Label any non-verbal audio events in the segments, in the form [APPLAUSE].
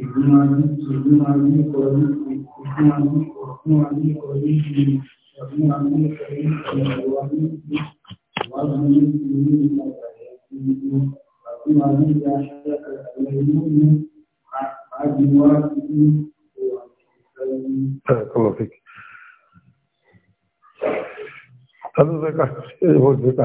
ìgbìmọ̀lú ìgbìmọ̀lú ìkọ̀lú ìgbìmọ̀lú ọ̀fúnmọ̀lú ìkọ̀lú ìgbìmọ̀ ọ̀fúnmọ̀lú ìkọ̀lú ìgbìmọ̀lú ìwádìí ìlú ìmọ̀lẹ̀ ìlú ọ̀fúnmọ̀lú ìyáṣẹ́ ẹ̀rọ ìlú ní àgbìwájú ìwọ̀n Tabi zeka, şey bu zeka.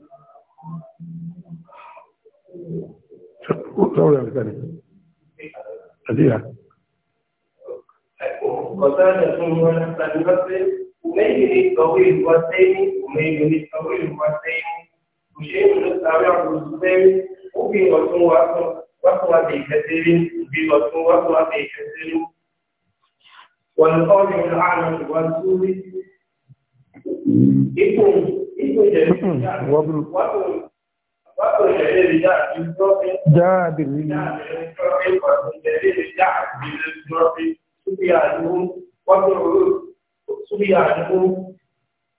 Sọ́rọ̀ ẹ̀ sẹ́ni. Àdíyà. Ọ̀sán ẹ̀sùn wọn tàbí wọ́n pé Umeyiri ní tọ́wé ìwọ́ sẹ́yìn, Umeyiri ní tọ́wé ìwọ́ sẹ́yìn, Òṣèlú ló sáré ọ̀rọ̀ sẹ́yìn, ó fi ọ̀tún wá sọ, wá sọ wá sí ìkẹsẹ́rí, ìbí ọ̀tún wá sọ wá sí ìkẹsẹ́rí. Wọ̀n ipò ipò ìjẹ̀lẹ̀ jáàbì rí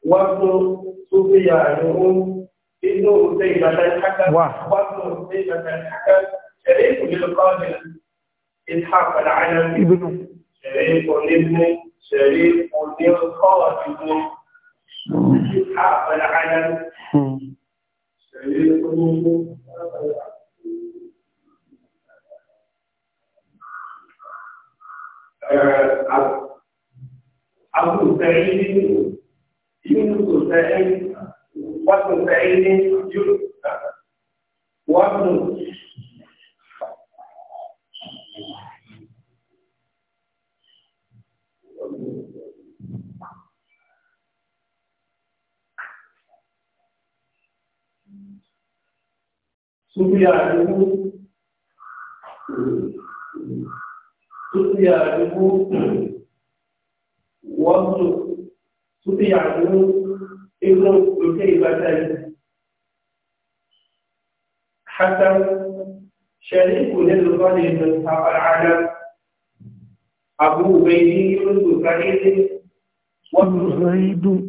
wọ́pọ̀ tó fi àyẹ̀wò inú òṣè ìgbàlẹ̀ kákà wọ́pọ̀ òṣè ìgbàlẹ̀ kákà شريك للقادر إسحاق العلم ابنه شريك لابنه شريك للقادر Abu Sa'id Yunus Sa'id Wabnu Sa'id Yunus Wabnu Súbí àdúgbò, súbí àdúgbò, wọ́n tó, súbí àdúgbò, inú òkè ìbátá yìí. Hassan, ṣẹlẹ̀ ìkùnlẹ̀ lọ́wọ́ lè lọ àwọn àdá. Abu Ubaidi yóò tó sáré dé, wọ́n tó sáré dùn.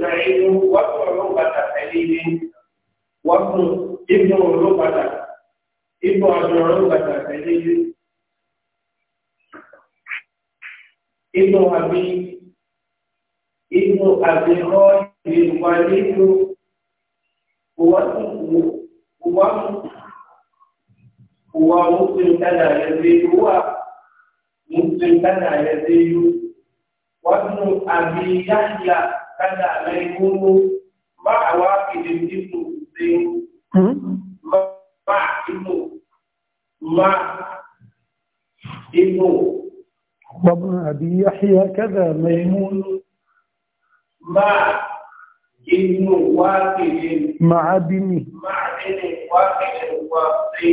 sáré dùn, wọ́n tó ọlọ́gbàtà tẹ̀lé dé, wọ́n tó ipò ló padà ipò àdúrà ló padà tẹ̀lé yé ipò àbí ipò àbí ọ́ ìwà nínú òwà tó wù òwà mú òwà mú tó ń tẹ̀lé àyẹ̀ sí òwà mú tó ń tẹ̀lé àyẹ̀ sí yó wà nínú àbí yáyà tẹ̀lé àyẹ̀ kúrú bá àwa kìlì nínú sí yó. Ma pọa ụe ahị kega-emeama ha dimi awae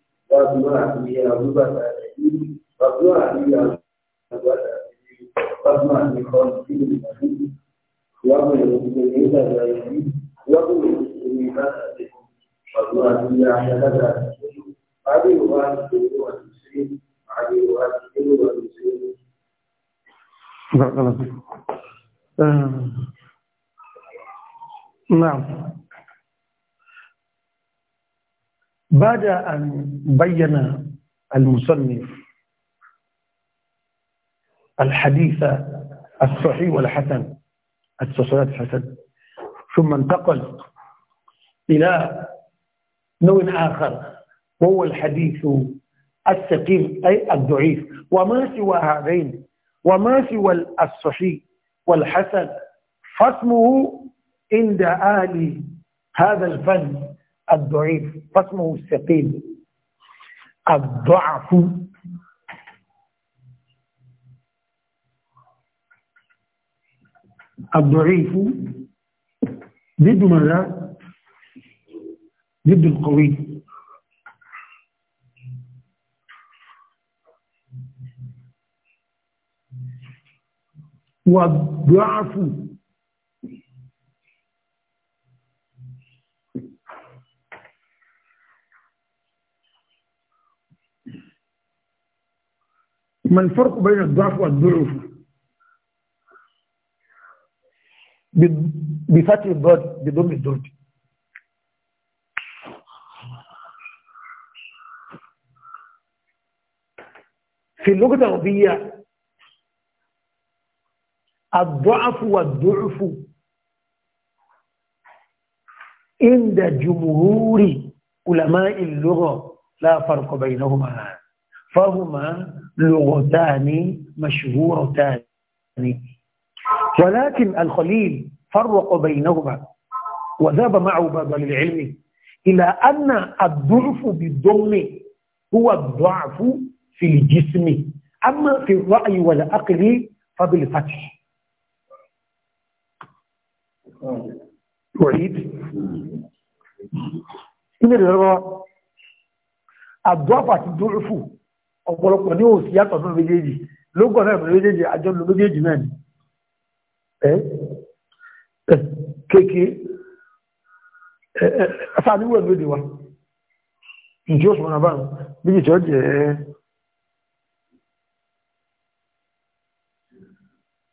Fatma ni Abu Bakar ini, Fatma ni Abu Bakar ini, Fatma ni Khalid ini, Fatma ni Muhammad dari ini, Fatma ni Muhammad dari Fatma ni Ahmad dari ini, Abi Wan itu Wan Sri, Abi Wan itu Wan Sri. Barakallah. Ehm. Nah, بعد أن بين المصنف الحديث الصحيح والحسن الصلاة الحسن ثم انتقل إلى نوع آخر وهو الحديث الثقيل أي الضعيف وما سوى هذين وما سوى الصحيح والحسن فاسمه عند أهل هذا الفن الضعيف فاسمه الثقيل الضعف الضعيف ضد ماذا؟ ضد القوي والضعف ما الفرق بين الضعف والضعف بفتح الضاد بضم الضاد في اللغة العربية الضعف والضعف عند جمهور علماء اللغة لا فرق بينهما فهما لغتان مشهورتان ولكن الخليل فرق بينهما وذهب معه بعض العلم إلى أن الضعف بالضم هو الضعف في الجسم أما في الرأي والعقل فبالفتح أعيد من الضعف الضعف ọ̀pọ̀lọpọ̀ ní òsì yàtọ̀ fún méjèèjì lóògùn náà fún méjèèjì àjọ ló méjèèjì náà ni kéèké ẹ̀fà níwò ẹ̀ lóde wa ǹjẹ́ ó sọ̀rọ̀ báwọn méjì tí ó jẹ́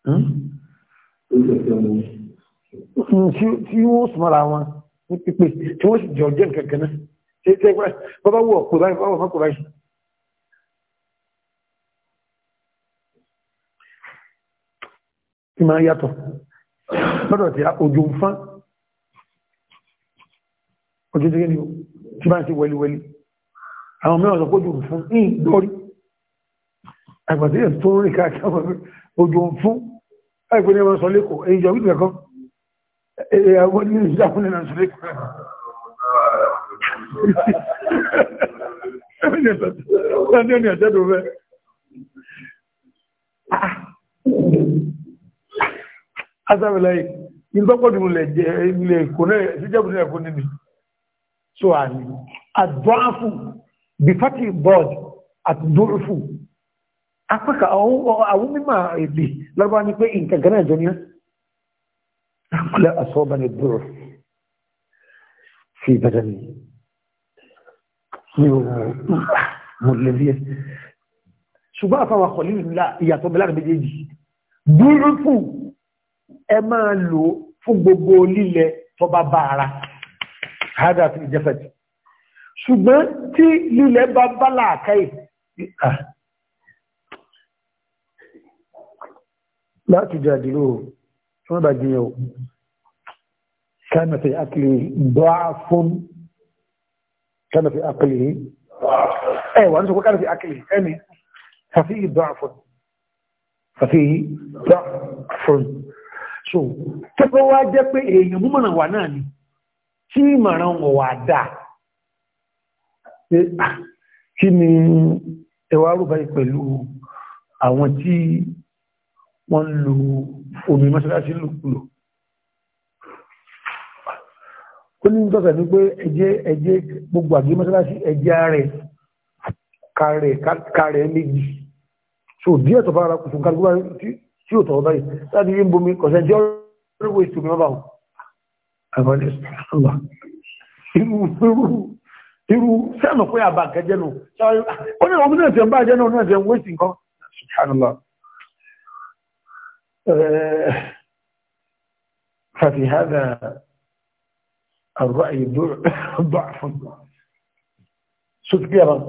hmm? Hmm, tí ó sọ̀rọ̀ wọn ní pípé tí wọ́n sì jọ jẹ́ kẹ̀kẹ́ náà tí ó tẹ́gbẹ́ bọ́bá wù ọ̀pọ̀ báyìí bọ́bá wù ọ̀pọ̀ báyìí tí máa yàtọ̀ lọ́dọ̀ tí a òjò ń fán òjò tí gẹ́ni tí máa sí wẹliwẹli àwọn mẹ́wàá sọpọ̀ òjò ń fún ní ìdọ́rí àgbàtí ẹ̀ tó ń rìn káàkiri òjò ń fún ẹgbẹ́ ní ẹwọ́n sọ lẹ́kọ̀ọ́ èyí jọ wípé kan ẹ̀yàwó ní ìjákùn ní sọ lẹ́kọ̀ọ́ ẹ̀yàwó ní ìjákùn ní asábẹ̀láyé ìgbọ́kọ̀dù ilẹ̀ jẹ́ ilẹ̀ èkó náà síjẹ́bù náà fún níbi so àní àdọ́áfù bífàtì bọ́ọ̀d àti dúrúfù apẹ́kà àwọn mímọ̀ èdè lọ́gbà ní pé nǹkan gánà jọ ní á asọ́ọ̀bà ní dúró fi ìbàdàn ní mi ò mọ̀ lẹ́bí ẹ̀ ṣùgbọ́n àfàwọn akọ̀lẹ́ ìyàtọ̀ bẹ́lá méjèèjì dúrúfù ẹ máa lò fún gbogbo lílẹ̀ tó bá bá ara hádà fi jẹ́fẹ̀tì ṣùgbọ́n tí lílẹ̀ bá bá làákàyè láti jàdìrò tí wọ́n bá jiyàn o كان في أكله ضعف كان في أكله أيوة أنت كان في أكله أمي ففيه ضعف ففيه ضعف so tẹ́pẹ́ wá jẹ́ pé èèyàn múmọ̀ràn wà náà ni tí ìmọ̀ràn wọ̀ wà dáa kí ni ẹwà rúbá pẹ̀lú àwọn tí wọ́n ń lo omi mọ́sálásí lòkulò ó ní tọ́sà ní pé ẹjẹ́ ẹjẹ́ gbogbo àgbé mọ́sálásí ẹjẹ́ rẹ̀ kààrẹ̀ méjì so díẹ̀ tọ́fà ara kùsùn kàlùkù tí ò tọ̀wọ́ báyìí láti rí ń bomi kọ̀sẹ̀ jẹ́ ọ̀rọ̀wọ̀ ètò mi báwọn àwọn ìsọ̀rọ̀lá irú sẹ́nà pé àbá kẹjẹ́ nù ó ní ọmọ náà tẹ̀ ń bá jẹ́ náà tẹ̀ ń wé sí nǹkan subhanallah ففي هذا الرأي ضعف صدق يا رب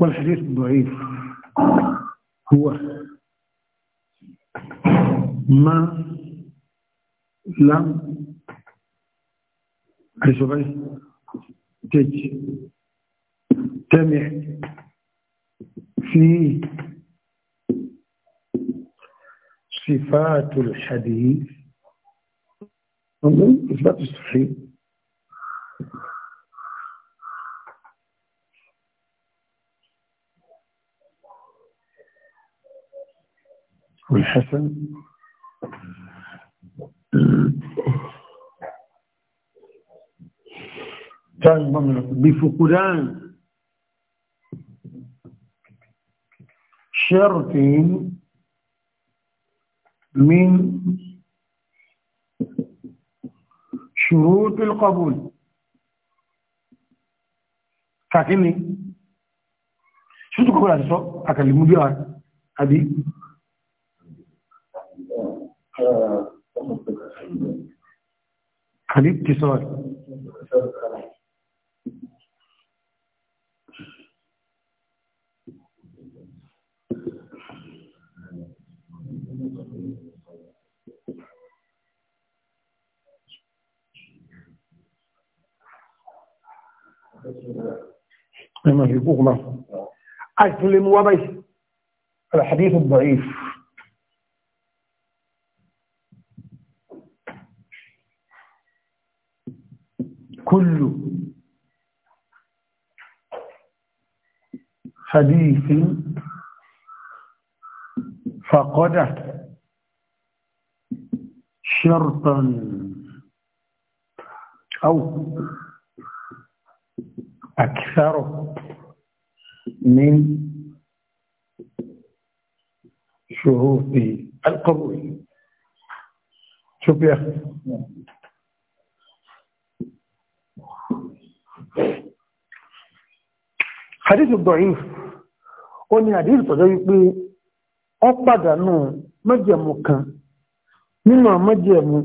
والحديث الضعيف هو ما لم تجتمع فيه صفات الحديث إثبات الصحيح والحسن بفقدان شرط من شروط القبول فاكرني شو تقول هذا الصوت؟ مو بيار أبي خليه اتصال ما في بغمة أجل الموضي الحديث الضعيف كل حديث فقدت شرطا أو أكثر من شروط القبول شوف يا أخي hadith da'if ó ní hadith tọ́jọ́ wípé ó pàdánù májẹ̀mú kan nínú májẹ̀mú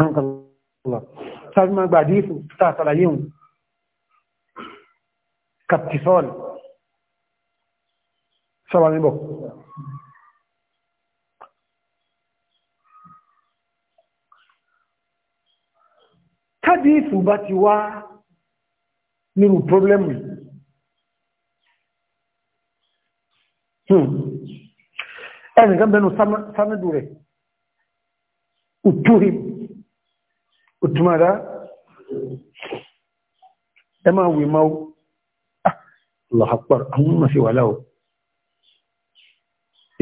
àǹkàlá tàbí máa gba hadith tá a sàlàyé hùn kàtìsọ́ọ̀lì sọ́wọ́ níbọ̀ kádìsù bá ti wá nínú pọ́blẹ́mù ẹnìkan bẹnu sánàdù rẹ̀ òtúrí òtúmọ̀dá ma ẹ máa wè máa lọ́hàpàá ma mọ̀ wala wà láwọ́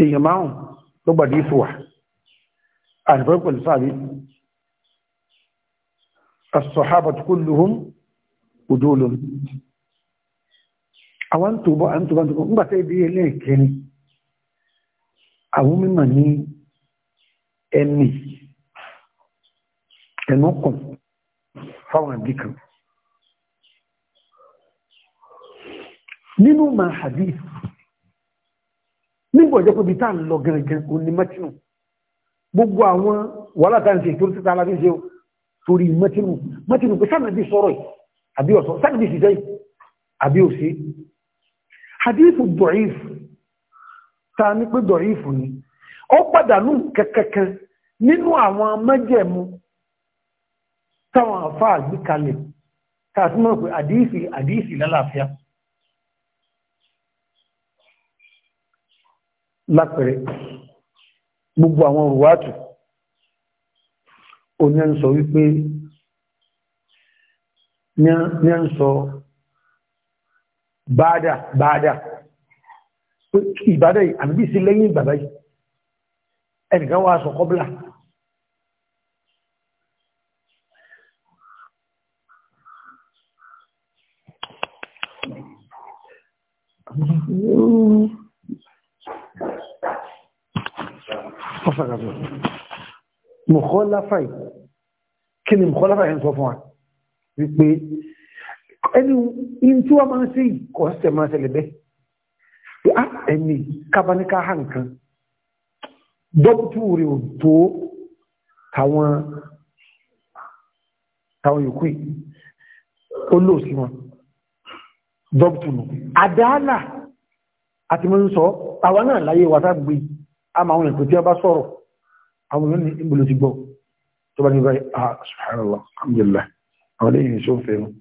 èèyàn márùn ló gbàdí ìfòwà àdìfẹ́ pẹ̀lú sáàrí as-sahabatu kulluhum odó lọ àwọn ń tó bọ́ àwọn tó bá ń tó bọ́ nígbàtẹ́ ibi ẹlẹ́ẹ̀kẹrin àwọn mímọ̀ ní ẹni ẹnu kàn fáwọn àbí kan nínú ma hadith nígbà ọjọ́ pẹ̀bí tá ń lọ gangan òní mẹ́tìnù gbogbo àwọn wàhálà tá ń ṣe torí títà alábíṣe torí mẹ́tìnù mẹ́tìnù pé sáà nàbí sọ̀rọ̀ yìí àbí ọ̀sán sáàbí sí sẹ́yìn àbí òsí hadithu dọ̀íf ta ní pé dọ̀íf ni ó pàdánù kẹkẹkẹ nínú àwọn mẹ́jẹ̀mú táwọn àfá àgbékalẹ̀ tààtí mọ́ pé àdíìsì àdíìsì lálàáfíà lápẹẹrẹ gbogbo àwọn rùwátù oní ń sọ wípé ní ń sọ báadà báadà ìbádà yìí àbí sí lẹ́yìn ìgbàbá yìí ẹnìkan wá sọ kọ́bílà Mọ̀kọ́láfà yìí, kí ni mọ̀kọ́láfà yìí ń sọ fún wa? wípé ẹni tí wọ́n máa ń ṣe ìkọ́ ṣẹ̀ máa ṣẹlẹ̀ bẹ́ẹ̀ pé á ah, ẹni kábáníká hàn kan dọ́kítù rẹ̀ ò tó táwọn táwọn yòókù yìí ó lò sí wọn dọ́kítù nù àdáàlà àti mọ́ ń sọ àwọn náà láyé wà sáàgbé a máa wọn ìpè tí wọ́n bá sọ̀rọ̀ àwọn yóò ní ìbòlò ti gbọ́ tó bá ní báyìí ah subhanallah alhamdulillah àwọn lẹ́yìn ìṣó fẹ́ràn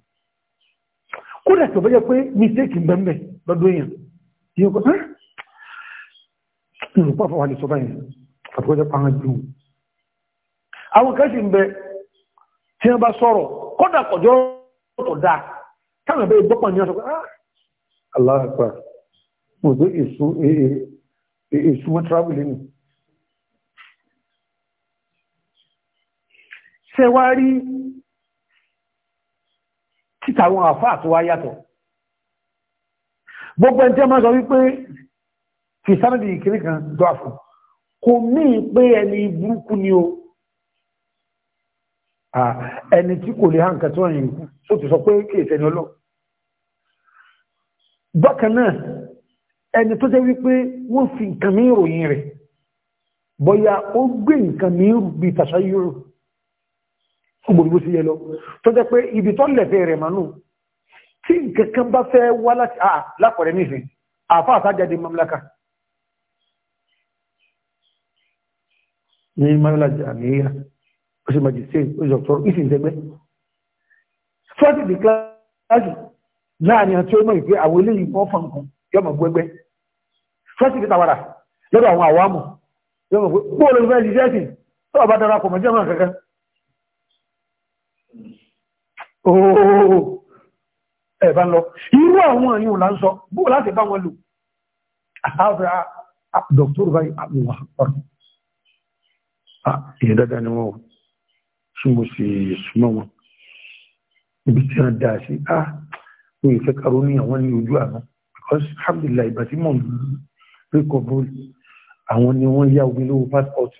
kódà tó bẹ́jẹ́ pé mistake gbẹ̀mẹ̀ lọ́dún èèyàn yíò kọ́ ẹ́ ìrùpá fọwà lè sọ báyìí àtúkọ́jẹ́ pa án jù àwọn kan sì ń bẹ tí wọ́n bá sọ̀rọ̀ kódà kọjọ́ tó dáa táwọn ẹ̀bẹ́ ìgbọ́pọ̀ ní ọ̀sọ̀ aláàpá mo gbé e, e, e, èso wọn travel nù ṣẹwárí títà àwọn àfáà tó wá yàtọ̀ gbogbo ẹni tí a máa sọ wípé fi sáàdì ìkiri kan dọ́ àfọ́ kò mí pé ẹni burúkú ni o ẹni tí kò lè hàn kàtí wọ́n yìí tó ti sọ pé kéèsẹ̀ ni ọlọ́ bákan náà ẹni tó gbogbo sí yẹ lọ tó jẹ́ pé ibi tó lẹ̀fẹ́ rẹ̀ mọ́nú tí nkankan bá fẹ́ wá lápọ̀rẹ́ nífẹ́ àfá àsájáde mamlaka ní mamlaka àmìyà ó sì majistrate ó sì ọ̀tọ́rọ̀ ìsìn tẹgbẹ́ fọ́tí di kíláàsì láàrin àti ọmọ ìpé àwọn eléyìí wọ́n fọ́n kan yọmọ gbẹgbẹ́ fọ́tí di tàwàrà lọ́dọ̀ àwọn àwámọ̀ yọmọ gbẹgbẹ́ bóòlù fẹ́ ṣiṣẹ́ sí tó bá darapọ̀ mọ́ jẹ́ mọ́ kankan ooo ẹ̀bá lọ irú àwọn àyíwò là ń sọ bó láti bá wọn lò àbúrà dọ̀tọ́rù báyìí àbúwà ọ̀rọ̀ ìyẹn dáadáa ni wọ́n súnmọ́ sí súnmọ́ wọn ibi tí wọ́n dáa sí á ó yẹ fẹ́ karó ní àwọn ní ojú àná because alhamdulillah ìgbà tí mò ń rí kọ bóòlù àwọn ni wọ́n yá omi lówó passport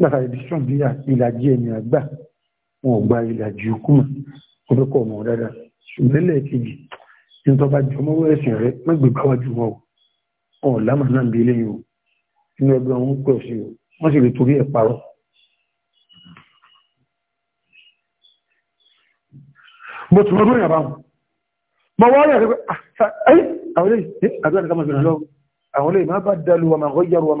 látàrí bí sọ̀bíyà ìlàjì ẹ̀yìn àgbà wọn ò gba ìlàjì òkúmọ̀ orúkọ ọmọ dada ṣùgbọ́n lẹ́ẹ̀kejì ní tó bá jọ mọ́wọ́ ẹ̀sìn rẹ mẹ́gbẹ̀gbà wájú wọn ò lámà náà bí ilé yìí inú ẹgbẹ́ wọn pẹ̀ sí o wọ́n sì lè torí ẹ̀ parọ́ bó ti mọ́tò yàrá wọn mọ́ wọ́n rẹ̀ rẹ̀ ẹ́ àwọn ilé àgbẹ̀ àti kàmọ̀ ìgbìyànjú àwọn ilé ìmọ̀ bá dàlú wọn máa gọ́yàrú wọn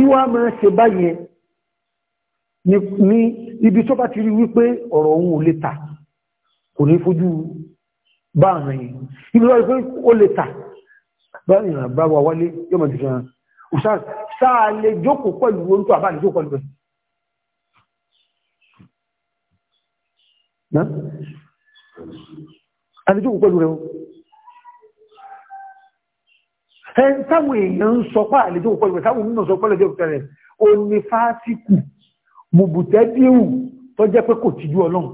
tí wá máa ṣe báyẹn ní ibi tó bá ti rí wípé ọ̀rọ̀ òun ò lè tà kò ní fojú bá àwọn yìí ibi tó wípé ó lè tà bá ìrìn bá wà wálé yóò máa jùlọ sáà lè jókòó pẹ̀lú ohun tó àbá jókòó pẹ̀lú rẹ̀ ẹn táwọn èèyàn ń sọ pé àlejò òpó ìwé táwọn onímọ̀ sọ pé àlejò òpó o ó ní fásitì mùbùtẹ́díhù tó jẹ́ pé kò tíjú ọlọ́run.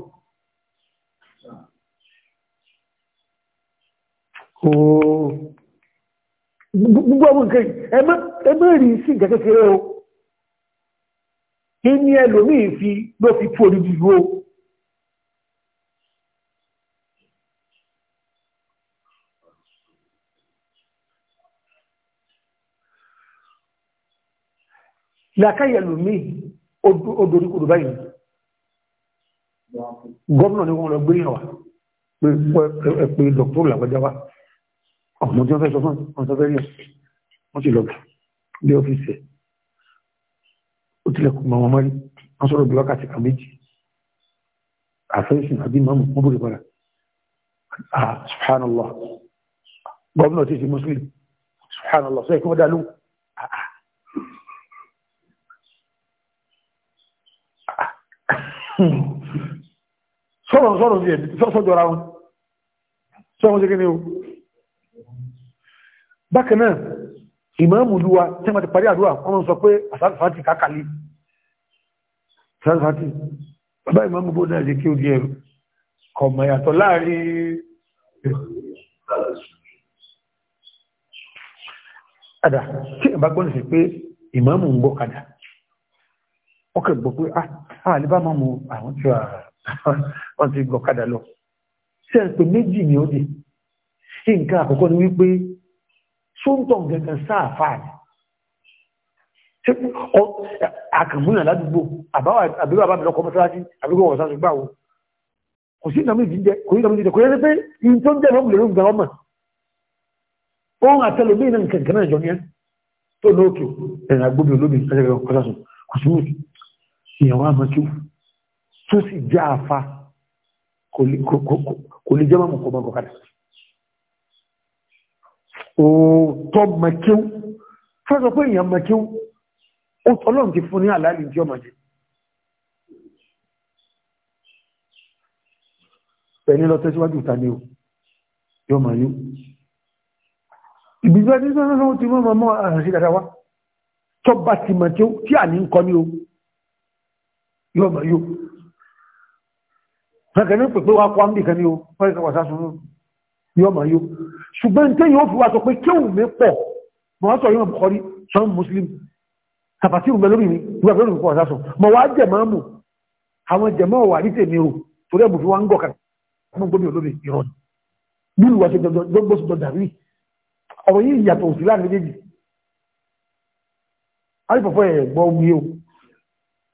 gbogbo ọmọ nǹkan ẹ má rí sí nǹkan kékeré o kí ni ẹlòmíì fi ló fi tú orí dúró làkàyè lòmíì odori dorí kodò báyìí ni wọn lọ gbé yàn wá pé pé dọ́kítọ́rù làwọjá wa ọmọ tí wọn fẹẹ sọ fún wọn sọ fẹẹ rí ọ wọn sì lọ gbà dé ọfíìsì ẹ ó tilẹ̀kùn mọ wọn mọrí wọn sọ̀rọ̀ bí wákàtí kan méjì àfẹ́sìn àbí mọ́mù wọ́n bèrè padà ah subhanallah gómìnà tí ì muslim subhanallah sọ èkó dá lóhùn sọ̀rọ̀ sọ̀rọ̀ sí ẹ̀dì sọ́jọ́ra wọn sọ́wọ́n sí kí ni o bákan náà ìmáàmù lúwa tí wọ́n ti parí àdúrà wọ́n sọ pé àsáàtì kákàlì sáàtì bàbá ìmáàmù bó náà lè kí o di ẹ̀rù kọ̀mọ̀ yàtọ̀ láàrin àdá tí ìbá gbọ́n sí pé ìmáàmù ọkẹ̀ gbọ́ ah àlebá ah, máa mú àwọn tí wọ́n ti gbọ̀kadà lọ ṣe ń pè méjì ni ó dé nǹkan àkọ́kọ́ ni wípé sóńtọ̀ gẹ̀gẹ̀ sáàfáà ni àkàmúnà ládùúgbò àbíwà bá bẹ̀rẹ̀ kọmọ́sárájí àbíwà wọ̀n sáà ṣùgbà wo kò sí ìdàmú ìdíjẹ kò sí ìdàmú ìdíjẹ kò yẹ pé in tó ń jẹ́ lọ́gbọ̀n lórí ìgbàlọ́mà ohun àtẹlẹ bí iná nǹkan kanáà jọ ní ẹ tó lóòkè ẹ̀rìn agbóbi olóbi ẹ̀rìn kọsásùn kò sí mùsùn èèyàn wá mọ́kí tó sì já àfa kò lè jẹ́ mọ́mọ́ kọ́ mọ́ kọ́kadà òótọ́ mọ́kí fẹ́sọ̀ pé èèyàn mọ́kí ọlọ́run ti fún ní àlàálì tí ọmọ jẹ́ pẹ̀lú lọ tẹ́síwájú ìta ni ó yọ mọ̀ yóò ìbìgbẹ́ tí sọ́nà tí wọ́n mọ̀ mọ́ àrẹ̀sí dáadáa wá tọ́ bá ti mọ̀ tí à ní ń kọ́ ní o yóò mọ̀ yóò ẹ̀kẹ́ ní pẹ̀pẹ́ wá kọ́ àmì ìkẹni o fẹ́ẹ̀kẹ́ wà sásun yóò mọ̀ yóò ṣùgbọ́n tí yóò fi wá sọ pé kéhùn mi pọ̀ mọ̀ wá sọ yóò Bukhari sọ Muslim tàbátí ìrùn lórí mi ìwà lórí mi pọ̀ sásun mọ̀ wá jẹ̀mọ́ mù àwọn jẹ̀mọ́ wà ní tèmi o torí ẹ̀mù fi wá ń gọ̀ kàkà fún gómìnà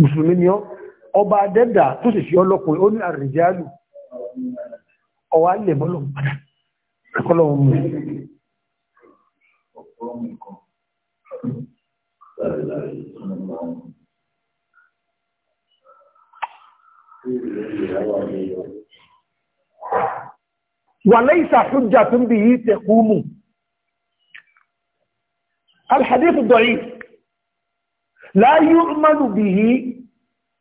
mùsùlùmí ni ọ́ ọba adẹ́dà tó sì ṣe ọlọ́pùn ó ní àrìjálù ọwá ilẹ̀ bọ́lọ̀ padà kọ́lọ̀ mú wà lẹ́yìn sàfújà tó ń لا يؤمن به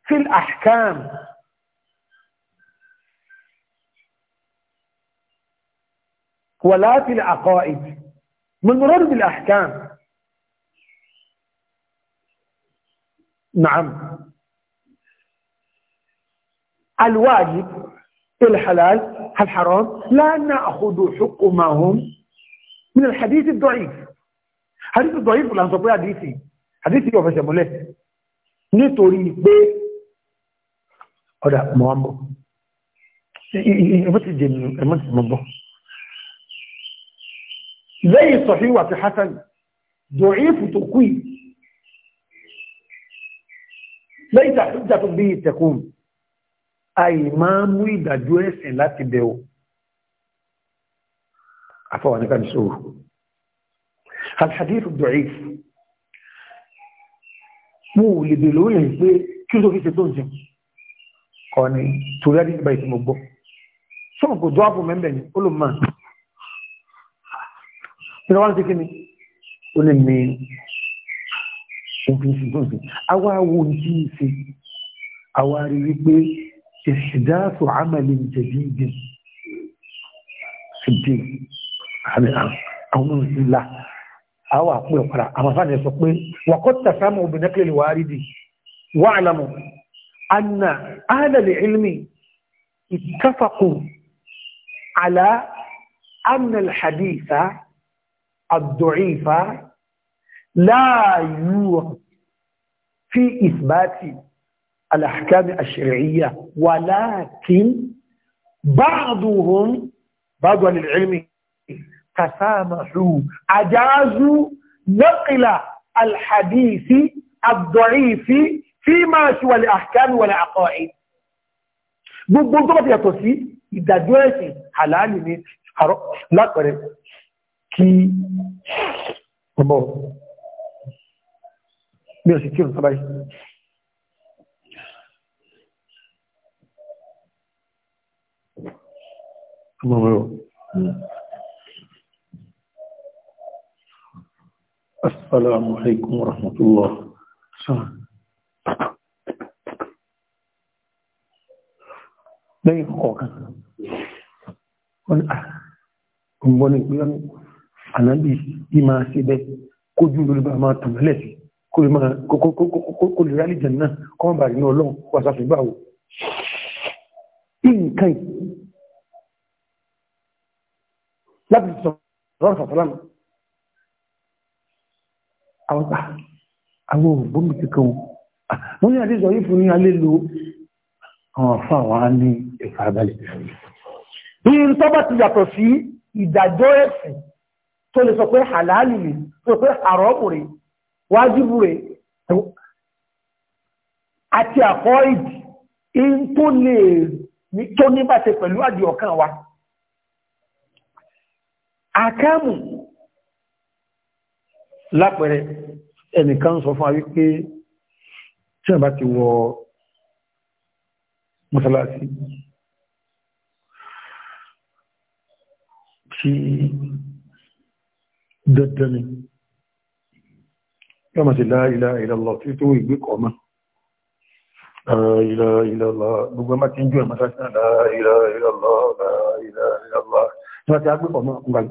في الأحكام ولا في العقائد من رد الأحكام نعم الواجب الحلال الحرام لا نأخذ حكمهم من الحديث الضعيف حديث الضعيف لا نستطيع حديثه àdíkì yóò fẹsẹ̀ múlẹ̀ nítorí pé ọ̀dà mọ̀ àmọ́ ẹmọ́ ti jẹ ẹmọ́ ti mọ̀ bọ̀ lẹ́yìn sọ̀fí wà ti hasan dọ̀ífù tó kú lẹ́yìn tàbíjà tó الحديث الضعيف mo ò lè bèèrè lórí rẹ̀ pé kí o tó fi ṣe tó ń jẹun ọ̀ni torí àdìsí báyìí tí mo gbọ́ sọ́mọ̀ kò dọ́wọ́ fún mẹ́mbẹ̀ ni ó ló máa nínú wá ń kí ni ó lè ní òfin ṣe tó ń jẹun àwa wo ní kí n ṣe àwa rí wípé ìṣìdáàtò àmàlè ìjẹ̀bí ìdè ṣùgbọ́n àwọn ìlà àwọn àpò ìpara àwọn afáàní sọ pé wàkọ́tà sáàmù obìnrin wàárídì wà àlàmù anna ahlẹ̀ ilmi ìtafàkù àlà anna alhadisa àdọ̀ífà láàyúwà fi ìsbáti alahkami ashiri'iyya walakin ba'duhum ba'du alilmi تسامحوا أجازوا نقل الحديث الضعيف فيما سوى الأحكام والعقائد gbogbo tó bá ti yàtọ̀ sí ìdájọ́ ẹ̀sìn àlàálì ní lápẹ̀rẹ̀ kí ọmọ mi ò sì kí òǹtọ́ báyìí ọmọ mẹ́rọ السلام عليكم ورحمة الله lẹ́yìn kọ̀ọ̀kan ọgbọ́n ní pé ànábì yí máa ṣe bẹ́ kójú lórí bá máa tàn lẹ́ sí kó lè rálì jẹ̀ náà kọ́ bá rí náà lọ́n wà sáfẹ́ báwò nǹkan láti sọ̀rọ̀ sàtàlámà àwọn àwọn òbómi kankan wọ́n ní àdíjọ yìí fún ní alé lo àwọn àfà wà ní ní tó bá ti yàtọ̀ sí halali rẹ̀ tó pé àrọ́bù rẹ̀ wájúbù rẹ̀ àti àkọ́ìdì in wa akáàmù lápẹẹrẹ ẹnìkan sọ fún wa wípé tí wọ́n bá ti wọ mọ́sálásí tí dandan ni yọ́ máa ti la ilaha illallah tí tó ìgbé kọ̀ mọ́ la ilaha illallah gbogbo ọmọ tí ń jọ ìmọ́sásí náà la ilaha illallah la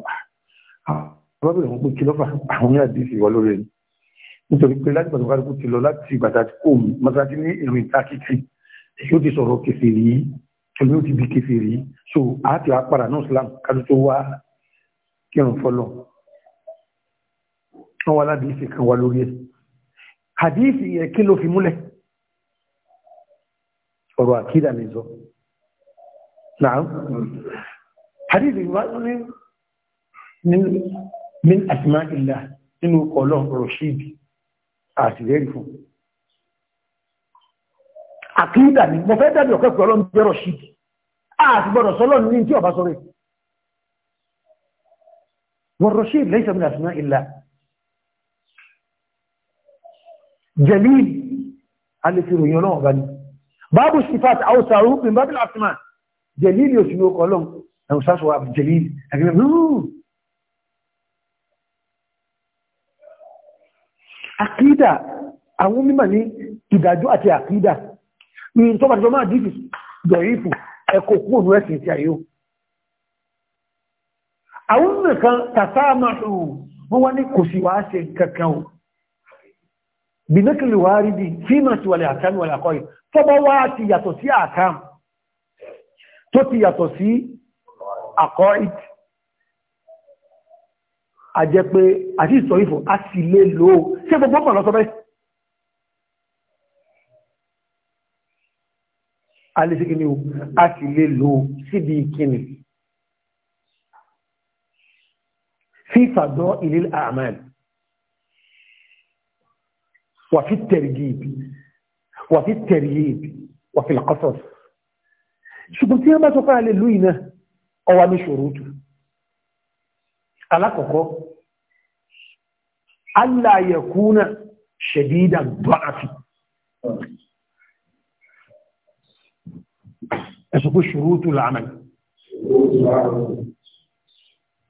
ọlọ́bìnrin wọn pé kí lọ́fà àwọn ní àdìsí wọ lórí ẹni nítorí pé láti pàtàkì kálukú ti lọ láti ìgbà tàbí kò mú mọ́sáàtì ní ìlú ìtàkìtì èyí ó ti sọ̀rọ̀ kẹfìrí èyí ó ti bí kẹfìrí so a ti wá padà náà Islam kájú tó wá kírun fọlọ wọn wá ládìsí kan wá lórí ẹ àdìsí yẹn kí ló fi múlẹ̀ ọ̀rọ̀ àkídà ní sọ náà àdìsí wá ní min asma illah nínú ọlọ́ rọ̀ṣídì àtìlẹ́rì fún àkídà ni mo fẹ́ dábì ọ̀kẹ́ pẹ̀lọ́ jẹ́ rọ̀ṣídì àti gbọ́dọ̀ sọ́lọ́ ní tí ọba sọ́rẹ̀ wọ́n rọ̀ṣídì lẹ́sẹ̀ min asma illah jalil alẹ́fẹ̀rọ̀ yọ́nà ọ̀gá ni báàbù sífàt àwọ̀sà rúpin bábìlì àtìmá àkídà àwọn mímọ̀ ní ìdájọ́ àti àkídà ní tó bá jọ máa dìbì dọ̀yìnfù ẹ̀kọ́ kúrò ní ẹ̀sìn tí ayó àwọn nìkan tàtàmà wọ́n wá ní kò sí wá ṣe kankan o bí nẹ́kìlì wá rí ti yàtọ̀ sí àkàm a jẹ́ pé àti ìsọ ìfò a sì lè lò ó ṣé gbogbo ọmọ lọ́sọ bẹ́ẹ̀ a lè sí kíni o a sì lè lò ó síbi ìkíni fífàdọ́ ilé àmàlì وفي الترغيب وفي الترهيب وفي القصص ṣùgbọ́n tí a bá sọ fún alèlúì náà ọwà ní ṣòro jù alákọ̀ọ́kọ́ ألا يكون شديد الضعف ba'afi شروط العمل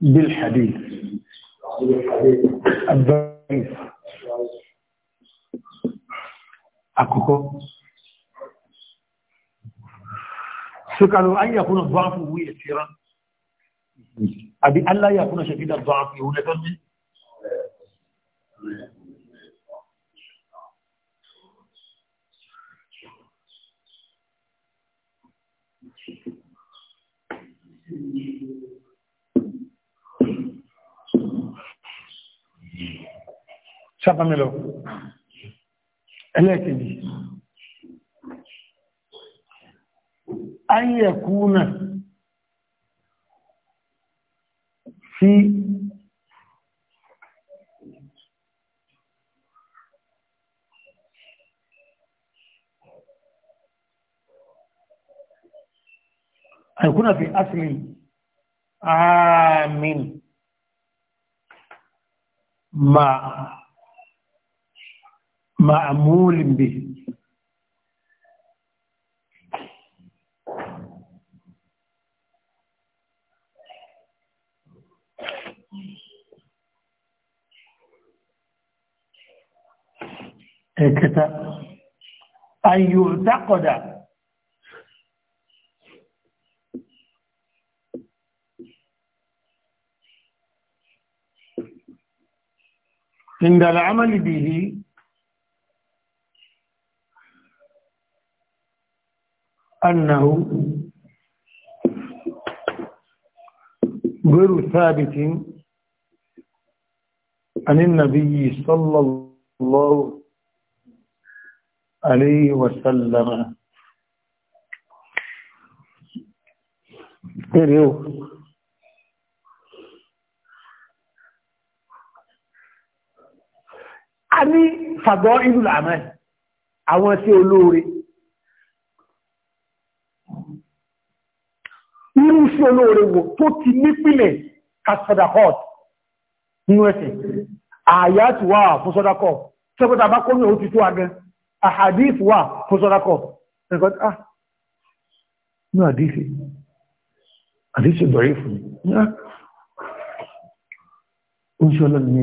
بالحديث الضعيف أكوكو سكروا أن يكون الضعف هو يسيرا أبي ألا يكون شديد الضعف هو نفسه ṣàpàmìlọ ẹlẹ́kìdì ayẹ̀kú náà sí أن يكون في أصل عام مع معمول به إيه كذا أن يعتقد عند العمل به أنه غير ثابت عن النبي صلى الله عليه وسلم إيه a ní fàgọ́ ìlú làmẹ́ àwọn tí olóore irú sí olóore wo tó ti nípìlẹ̀ kásọ̀dàkọ́t nínú ẹ̀sẹ̀ àyà ti wà fún sọ́dàkọ́ tẹ́kọ́ta bá kọ́nà ó ti tó agẹ́ àhàdíf wà fún sọ́dàkọ́ ah, ní àdífì àdífì dọ̀rí fún ní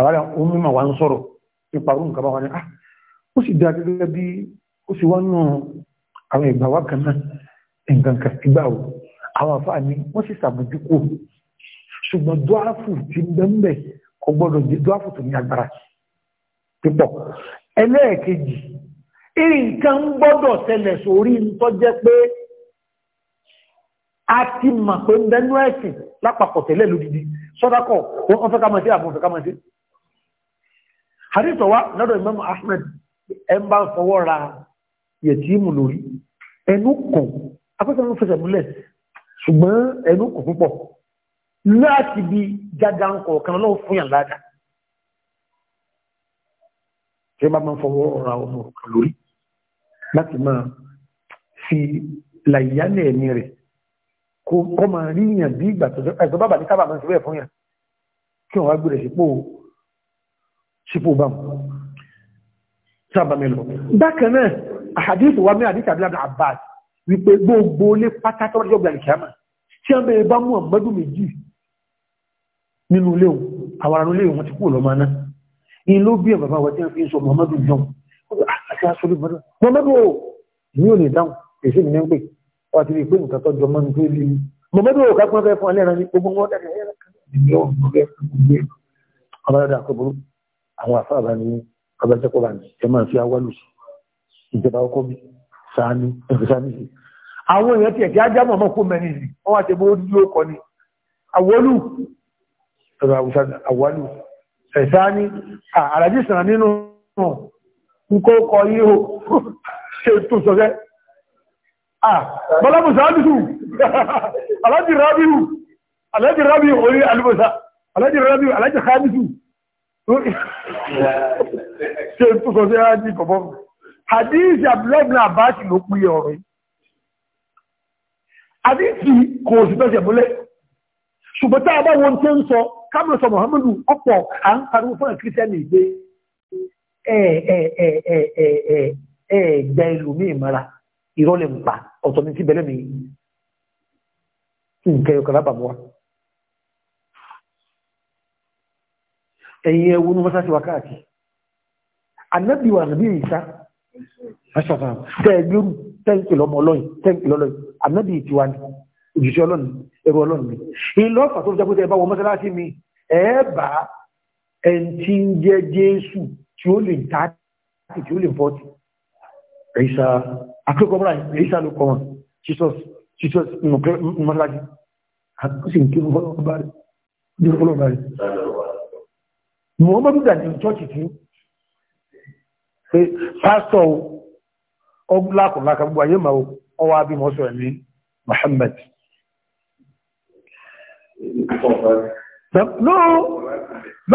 àwárẹ̀ omi ma wà ń sọ̀rọ̀ nípa orú nǹkan bá wà ní à ah, ó sì dá gẹ́gẹ́ bí ó sì wá nù àwọn ìgbà wá kan náà nǹkan kan àwọn àfáà ni wọ́n sì sàbójúkú ṣùgbọ́n dúáfù ti bẹ́ẹ̀ kò gbọ́dọ̀ jẹ́ dúáfù tó ní agbára pípọ̀ ẹlẹ́ẹ̀kejì nǹkan gbọ́dọ̀ ṣẹlẹ̀ sórí tó jẹ́ pé a ti mọ̀ pé ń bẹ́nu ẹ̀sìn lápapọ̀ tẹ́lẹ̀ lódìdí sọ́dákọ̀ wọ́n fẹ́ ká máa ṣe àbọ̀ fẹ́ ká máa ṣe hadith wa lọ́dọ̀ imam ahmed ẹ ń bá ń fọwọ́ ra yẹtìmù lórí ẹnu kàn afẹ́fẹ́ ń fẹsẹ̀ múlẹ̀ ṣùgbọ́n ẹnu kàn púpọ̀ láti bí jáde àǹkọ̀ kan lọ́wọ́ fún yàn láàdá tí ó bá máa ń fọwọ́ ra ọmọ kan lórí láti máa fi làyíyálẹ̀ ẹ̀mí rẹ̀ kó máa rí bí ìgbà tó ẹ̀sọ́ bàbá ní sábà máa ń fi bẹ́ẹ̀ fún yàn kí wọ́n wá gbé rẹ̀ sípò sípò bá sábàmì lọ bákan náà àhàdíìsì wa mẹ́rin àdíìsì àbílábìlá abbas wípé gbogbo olé pátákọ́ ọjọ́ ìgbàlẹ̀ kìámà tí a bẹ̀rẹ̀ bá mú ọmọdún méjì nínú ilé òun àwọn ará ilé òun ti kú lọ máa ná inú bí ẹ̀ bàbá wa tí a fi ń sọ mọ́mọ́dù jọun àti aṣọ́lé mọ́mọ́dù o ní ò lè dáhùn èsì mi ní ń pè wọ́n ti rí pé nǹkan tó jọmọ́ ní tó rí mi mọ́mọ́dù o kápẹ́ fún alẹ́ ẹran ní gbogbo wọn dàgbà ẹran àwọn àfáàbá ní ọbẹ̀tẹ́kọ̀ọ́bà ní ẹ máa fi awálù sí ìjọba ọkọ̀ bí sáánú ẹ̀fẹ̀sáánú sí àwọn èèyàn tiẹ̀ kí ájá mọ̀mọ́ kó mẹ́rin sí wọ́n wá ṣe bó ní ó kọ́ ni àwọlù ẹ̀rọ àwùsá àwọlù ẹ̀sáánú àràjì sàn nínú nǹkó kọ ṣe tó sọ́fẹ́ bọ́lá musa alùsù alájì orí alùbọ̀sá alájì rábíù alájì rábíù ṣe tó sọ sí ẹ́rájì bọ̀bọ̀ hadith abdullahi abbas ló pín ọ̀rọ̀ yìí àdíjì kò sí bẹ́sẹ̀ múlẹ̀ ṣùgbọ́n tá a bá wọn tó ń sọ kámẹ́sọ muhammadu ọ̀pọ̀ à ń pariwo fún kírísítẹ́nì ìgbé ẹ̀ẹ̀gbẹ́ ìlúmí ìmọ̀ra ìrọ́lẹ̀ ń pa ọ̀tọ̀ ní ti bẹ̀lẹ̀ mi nǹkan yóò kọ́ lábàmúwa ẹ̀yìn ẹwú ní mọ́sáṣí wákàtí anábíwà nàbí ìsá aṣọ́fà tẹ́ẹ̀gbẹ́rù tẹ́ǹkìlọ́mọlọ́yìn tẹ́ǹkìlọ́lọ́yìn anábí ìtiwá ní òjìṣẹ́ ọlọ́run ẹ̀rọ ọlọ́run mi ilé ọ̀fà tó jẹ́kútẹ́ ẹ̀bá wọn mọ́sálásí mi ẹ̀ẹ́bà ẹ̀ǹtí ń jẹ́ jésù tí ó lè ta tí ó lè fọ́tì ẹ̀yíṣà akẹ́kọ̀ọ́mọ́ra ẹ̀yíṣà ló kọ́ wọn jesus jesus mọ́sálásí àkọsí nkí ọlọ́run bá rẹ̀ muhammadu dàdí chọ́ọ̀chì tí pé pásítọ̀ ọgbùlákùnláka gbogbo ayé ma ọwọ́ abí mọ́ sọ̀rọ̀ ní Muhammad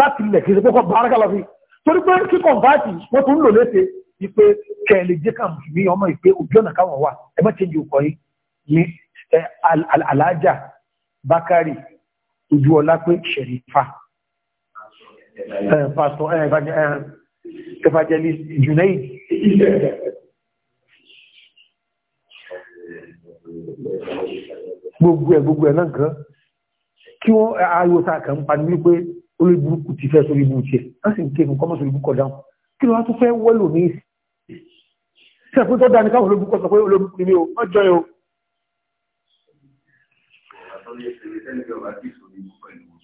láti ilẹ̀ kìí pọ́kọ́ bárakàlá fi torí pé kíkọ̀ báàtì wọ́n tún lò léṣe wípé kẹ̀lẹ̀ jẹ́ ká mùsùlùmí ọmọ ìpé ojú ọ̀nà káwọn wà ẹ má ṣe jù kọ́ yìí ní alájà Bákàrí ojú ọlá pé Sherifa. Eh, pastor eh, eh, evangelist Junaid gbogbo ẹ̀ gbogbo ẹ̀ náà kan kí wọ́n ayọ́ta kan pa ní wípé olóbùrúkú ti fẹ́ sórí ibú tiẹ̀ á sì ń ké fún kọ́mọ́sí olóbùkọ dáhùn kí ló wá tún fẹ́ wọ́lò ní ìsìn sí ẹ̀kú tó dáni káwọn olóbùkọ sọ pé olóbùkú ni mi ò wọ́n jọ yóò.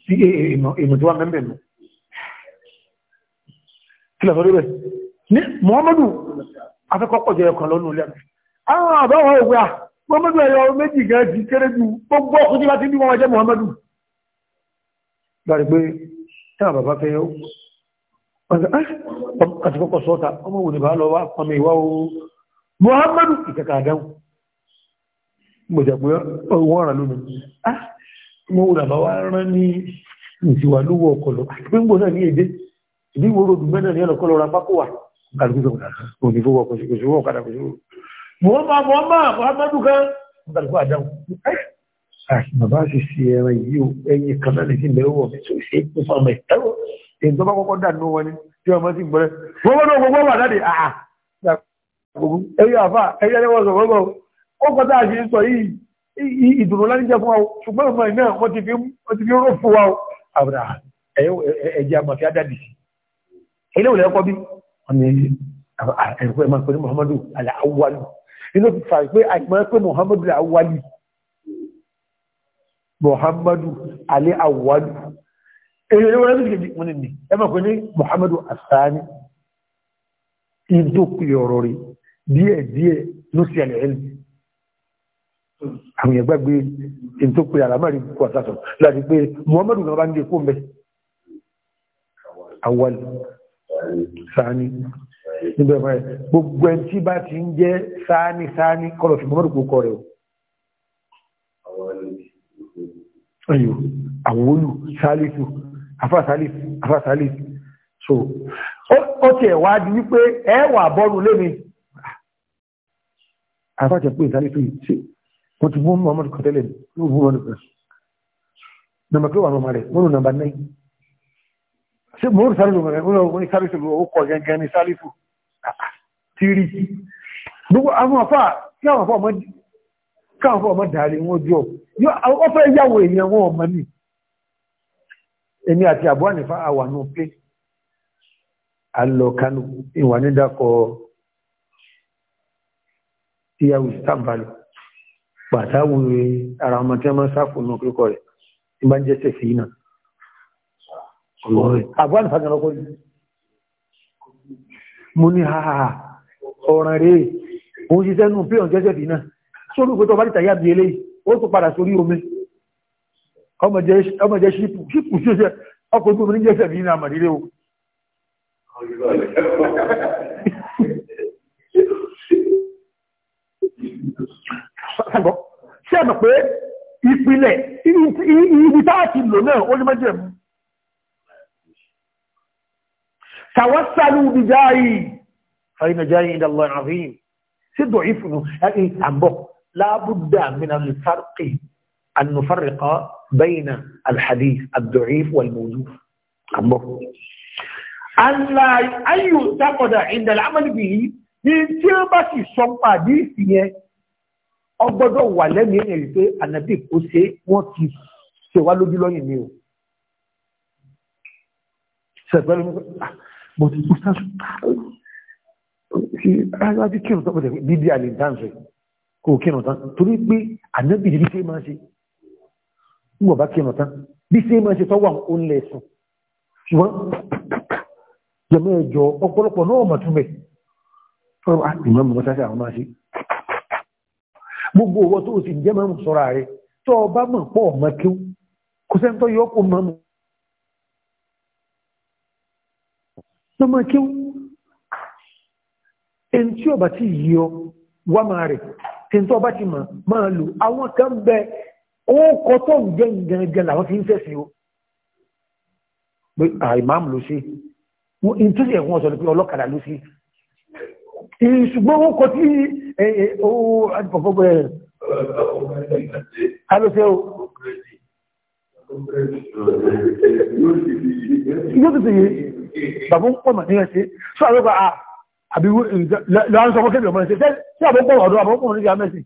sí èèmọ̀ tí wọ́n mẹ́mẹ́ nù kílẹ̀ sọ lórí ní Muhammadu afẹ́kọ́kọ́ jẹ́ ọkàn lọ́nà olè àwọn àbáwọn òwe à ah, Muhammadu ẹ̀yọ méjì gẹ̀ẹ́ ti kéré ju gbogbo ọkùn tí bá ti bí wọn jẹ́ Muhammadu gbàrí pé ẹ̀rọ bàbá fẹ́ yọ àtìkọ́kọ́ eh, sọ́ta ọmọ òní bá lọ Muhammadu ìkẹ̀kà àdáhùn mo jẹ́ pé wọ́n rà lónìí ah, mo wùdà bá wá rán ní lówó ọkọ̀ lọ náà ní èdè bí wo ròdù mẹ́nà ah, ní ọ̀nàkọ́ lọ́ra pákó wà kàlùkù ni fowó ọkọ̀ ṣe wọ́n kàdà kò ṣe wọ́n. mọ́mọ́ mọ́mọ́ muhammadu kan kàlùkù àdáhùn. Ah, bàbá sì ṣe ẹran yìí o ẹyin kan náà lè ti bẹ̀rẹ̀ wọ̀ mí tó ṣe é fún ọmọ ẹ̀ ẹ̀rọ èyí tó bá kọ́kọ́ dà nù wọn ni tí ọmọ ti gbọ́rẹ́. gbogbo náà gbogbo wà láti àà ah, ẹyẹ àfà ẹyẹ ẹlẹ́wọ̀n sọ̀rọ̀ gbọ́ ó kọ́ tá a ṣe ń sọ yìí ìdùnnú láti jẹ́ fún wa o ṣùgbọ́n ìmọ̀ ìná wọ́n ti fi rò fún wa o. àbúrò ẹ̀jẹ̀ àmọ̀fẹ́ á dàbí ilé òlẹ̀ ọkọ̀ bí wọ́n ni ẹ̀rùkọ́ ẹ̀mọ́ pẹ̀lú muhammadu aláwọ̀lù inú ti fà pé àìmọ́ pé muhammadu aláwọ̀lù muhammadu aláwọ̀lù èyí ni wọ́n ní wọ́n ní ẹ̀mọ́ pé ní muhammadu asani ìdókù ọ̀rọ̀ rẹ̀ díẹ̀ díẹ̀ ló sì ẹ̀lẹ̀ ẹ̀lẹ̀ àwọn ẹ̀gbẹ́ gbé ìdókù kò àsásọ̀ láti pé muhammadu náà bá ń gé fún mẹ́ awọ́lù sáání níbẹ̀ báyìí gbogbo ẹni tí bá ti ń jẹ́ sáání sáání kọlọ̀ fi mọ́rù kó kọ rẹ̀ o. ayò àwòlù sálífù afásálífù afásálífù so ó tiẹ̀ wá di wípé ẹ wà bọ́ọ̀lù lémi afájẹ pé ìsálífù yìí ṣe wọ́n ti mú mọ́mọ́dù kan tẹ́lẹ̀ ní òbúmọ́dù kan nàmàkúrò àwọn ọmọ rẹ̀ mọ́nù nàmbà náà ṣe mọ́rù sálífù mẹ́rin ní sálífù ó kọ̀ gẹ́gẹ́ ní sálífù ah, tírí gbogbo àwọn afá kí àwọn afá ọmọ dàárí wọn jọ ó fẹ́ yàwó èèyàn wọn ọmọ ní èmi àti àbú ànífà àwà náà pé alọ́kanu ìwà nídàkọ̀ ìyàwó ìsàmbàlù pàtàwò ara ọmọ tí wọ́n sáfò náà kíkọ rẹ̀ ìbá ń náà àbúrò àfàgànà kò ní mo ní àhàhà ọ̀ràn rẹ̀ òun ṣiṣẹ́ nù pé ọ̀jẹ́jẹ́ dì náà sórí ìgbé tó bá dìtà yàbí eléyìí ó tún padà sórí omi ọmọdé ṣípù ṣípù ṣíṣẹ́ ọkọ̀ ojú omi ní jẹ́sẹ̀ bí pé ìpìlẹ̀ ibi lò náà ó ní mọ́jẹ̀mú tawassalu bi jaayi fa inna jaayi inda Allah azim si dọ̀yí funu ẹni àbọ̀ lábúdà min alfarqi an nufarriqa bayna alhadith ad-da'if wal mawjud àbọ̀. ala ayu takoda inda al'amal bihi ní tí ó bá sì sọ pàdé ìsìnyẹn ọgbọ́dọ̀ wà lẹ́nu ẹ̀rí pé ànábì kò ṣe wọ́n ti ṣe wá lójú lọ́yìn ni o but ustaz ṣe aláàbí kírun tó pẹ̀lẹ̀ bíbí àlè dáǹsẹ̀ kò kírun tán torí pé ànábì ní bí ṣe máa ṣe ń wọ̀ bá kírun tán bí ṣe máa ṣe tọ́wọ́ àwọn òun lẹ̀ sùn ṣùgbọ́n jẹ̀mọ́ ẹ̀jọ̀ ọ̀pọ̀lọpọ̀ náà mọ̀ tún bẹ̀ ọ̀rọ̀ àtìmọ́ ah, mọ̀ sáṣà àwọn máa ṣe gbogbo owó tó o sì jẹ́ máa ń sọ́ra rẹ̀ tó o bá mọ̀ pọ̀ mọ́ kíw kò sẹ́ńtọ́ yọ mọ́ mọ́ lọ́mọ kíw ẹni tí ọba ti yí ọ wá máa rẹ̀ ẹni tí ọba ti mọ̀ máa lò àwọn kan bẹ ókọ tó ń jẹ́ gangan làwọn fi ń sẹ̀sìn o pé àìmáàmù ló ṣe in tó sì ẹ̀wọ̀n sọ ni pé ọlọ́kadà ló ṣe ṣùgbọ́n ó tí alóṣẹ́ o yóò ti fi yé bàbá ń pọ̀ mà ní ẹ̀ṣẹ́ sọ àwọn ọgbà àbí lọ́wọ́n sọ fọ́kẹ́bì ọmọ ẹ̀ṣẹ́ sí àbọ̀ pọ̀ ọ̀dọ́ àbọ̀ pọ̀ nígbà mẹ́sì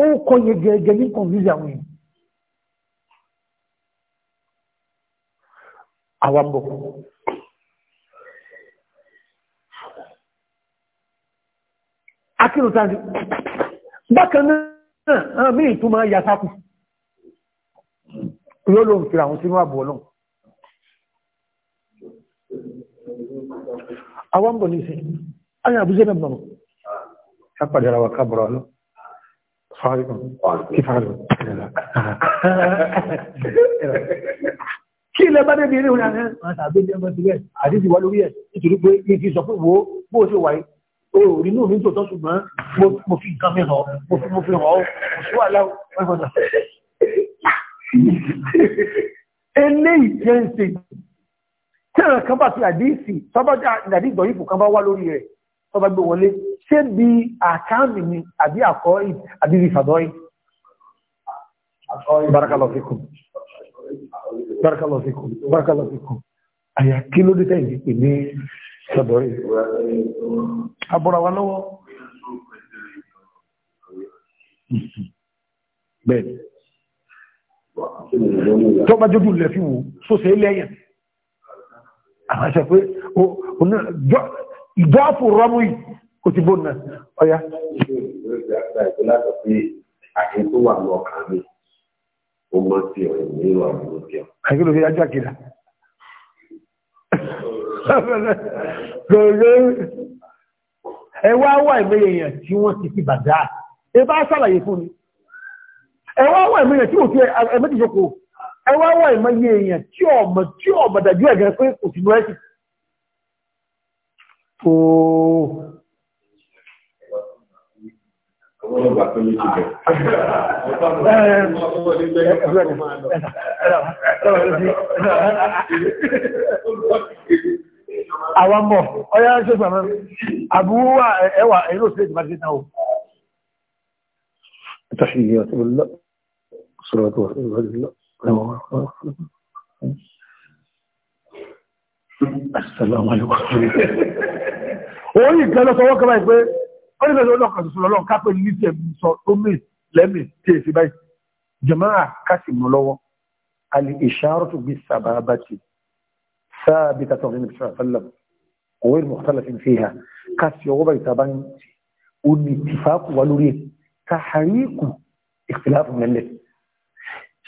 ó ń kọ́ yẹ gẹ́gẹ́ ní kọ̀ǹfíìsì àwọn èèyàn àwa ń bọ̀ akínú tàbí bákan náà àmì ìtumọ̀ yàtàkù yóò lóun fi àwọn sínú àbọ̀ náà àwọn bọ̀ ní ìsìn ayé àbújẹ́ náà bọ̀ ṣàpàdé ara wa kábọ̀rọ̀ lọ kí ilẹ̀ bá débi ilé ìrìnàjò àwọn àtàbí ilé ọmọ ìbílẹ̀ àdíjì wá lórí ẹ̀ nítorí pé ibi sọ pé wo bó ṣe wáyé o ò rí inú mi tòótọ́ ṣùgbọ́n mo fi nǹkan mi hàn mo fi mo [LAUGHS] tí àwọn kan bá ti àdíìsì tọ́bọ́jà ìdàdí ìgbọ̀nyí kò kan bá wá lórí rẹ̀ tọ́bọ́ gbé wọlé ṣé bí àkáàmì ni àbí àkọ́ àbí ìfàdọ́yì. barakallahu fikum barakallahu fikum barakallahu fikum àyà kí ló dé tẹ̀yìn ìpè ní sọ̀dọ̀rì. abọ́ra wa lọ́wọ́. bẹ́ẹ̀ tọ́bajọ́dún lẹ́fí wo sọ́sẹ̀ lẹ́yìn àwọn ṣe pé ìjọ àpò rọ́mù yìí ó ti bóun náà ọ̀yá. àyè tó wà lọ kàn mí ó máa fi ọ̀rẹ́ mi lọ àwọn ọmọ bíọ́. àyè kí ló fi ajá kiri. ẹ wá wá ìmẹyẹ yẹn tí wọ́n ti fi bàdá ẹ bá ṣàlàyé fún mi ẹ wá wá ìmẹyẹ tí wọ́n fi ẹmẹ́tìjọ́kọ̀ọ́ ẹwà wà ìmọ̀yé èèyàn tí ọmọ tí ọmọ dàjú ẹ̀gẹ́ pé kò sí lọ́ẹ̀sì ooo àwọn mọ̀ ọya ṣe sàmọ́ àbúrú wà ẹwà ẹ̀rọ sí ìjìmájì náà o تحيات الله صلاة الله Assalamu alaikum. Oyin kan lọ sọwọ́ kan báyìí pé, ó ní bẹ̀rẹ̀ ọlọ́kan ṣoṣo lọ́lọ́ kápẹ́ ní ti ẹ̀mí sọ tó mì lẹ́mì tí èsì báyìí. Jàmáà kásì mú lọ́wọ́. Àlè ìṣàrọ̀ tó bí sàbàbà ti sáà bí tàtọ̀ nínú ìṣàrọ̀ sálàm. Òwe ìmọ̀ sálà fi ń fi hà. Kásì ọwọ́ báyìí tàbá ń ti. Ó ní ìfàkù wá lórí ẹ̀. Tàhàríkù ìfìlà fún mẹ́lẹ̀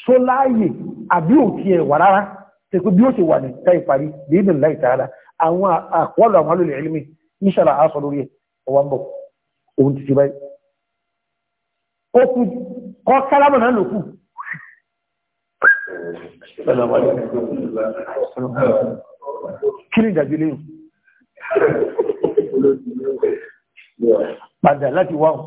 só láàyè àbí òkè ẹ̀wà rárá tẹ́kọ́ bí ó ṣe wà ní ká ìparí bèèdè láì tààrà àwọn àkọọ́lù àwọn alólè ilmi inshallah aṣọ lórí ẹ̀ ọwọ́ ń bọ̀ òun ti ti báyìí ó kú kọ́ kálámù náà ló kù kí ni ìdàgbé lẹ́yìn [LAUGHS] padà láti wáhùn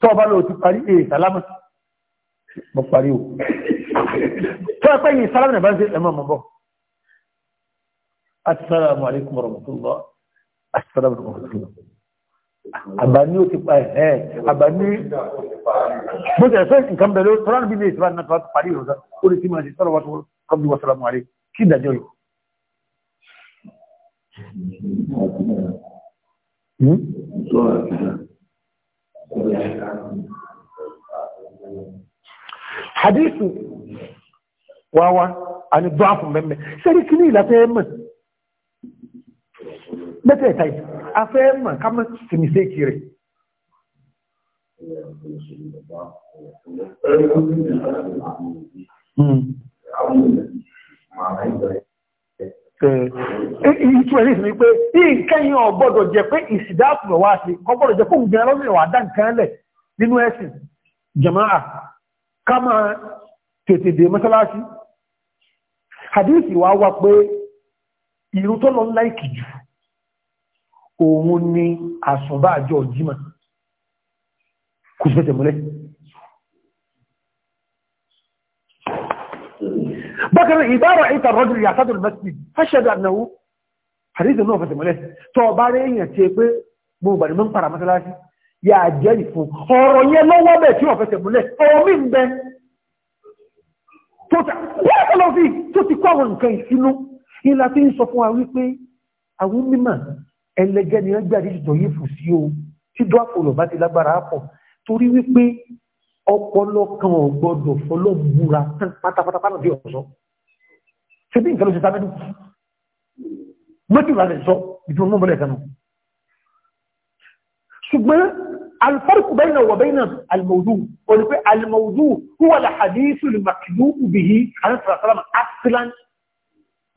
Tọ́ bá lóò ti parí èè eh, sàlámà. Mo parí o. Tọ́ ẹ̀pẹ́ yìí sàlámà nà bá ń ṣe ẹ̀mọ́ mọ̀ bọ̀. Assalamu alaikum warahmatullah. Assalamu alaikum warahmatullah. Àbáni ó ti parí ẹ̀ eh, eh, àbáni bó ti ẹ̀fẹ́ nǹkan bẹ̀rẹ̀ tọ́lá níbi ilé ìtura náà tó parí ìrọ̀dá ó lè ti máa ṣe sọ́rọ̀ wá tó kọ́ bí wọ́n sàlámù àlẹ́ kí ìdájọ́ yìí. حديث واوا عن الضعف مما شاركني لا فهم ما تيتاي افهم كم سميسي كيري امم ìtú ẹ̀rí sí ni pé bí nkẹ́yìn ọ̀gbọ́dọ̀ jẹ pé ìsìdáàtù rẹ̀ wá sí ọgbọ́dọ̀ jẹ fún ìgbìyànjú lọ́sìn ìwà dá nǹkan lẹ̀ nínú ẹ̀sìn jama'a ká máa tètè dé mọ́sálásí hadith wa wá pé ìrú tó lọ láìkì jù òun ni àsùnbà àjọ jímọ̀ kò sí fẹsẹ̀ múlẹ̀ bákan ìdá ra'ayta ar-rajula ya'tadu al-masjid fashhad annahu àdéhùn náà fẹsẹ̀ mọ́lẹ̀ tó ọba rẹ̀ èèyàn ti pé mo bàdé mọ́ ń para mọ́sálásí yà á jẹ́ ìfún ọ̀rọ̀ yẹn lọ́wọ́ bẹ̀ tí wọ́n fẹsẹ̀ mọ́lẹ̀ ọ̀rọ̀ mi ń bẹ tó ta wọ́n lọ fi tó ti kó àwọn nǹkan ìsinú ìlà tí ń sọ fún wa wípé àwọn mímọ̀ ẹlẹgẹ́ ni wọ́n gbé àdéhùn tó yé fù sí o tí dọ́àpọ̀ lọ́ba ti lágbára pọ̀ torí wípé ọpọlọ kan ò gbọdọ̀ fọlọ́ búra tán pátápátá pátá bí ọ̀sọ́ ṣe bí nǹkan ló ṣe sábẹ́ nù méjì wà lè sọ ìtumọ̀ mọ́ mọ́lẹ̀ kan nù ṣùgbọ́n الفرق بينه وبين الموضوع الموضوع هو الحديث المكذوب به عليه الصلاة والسلام أصلا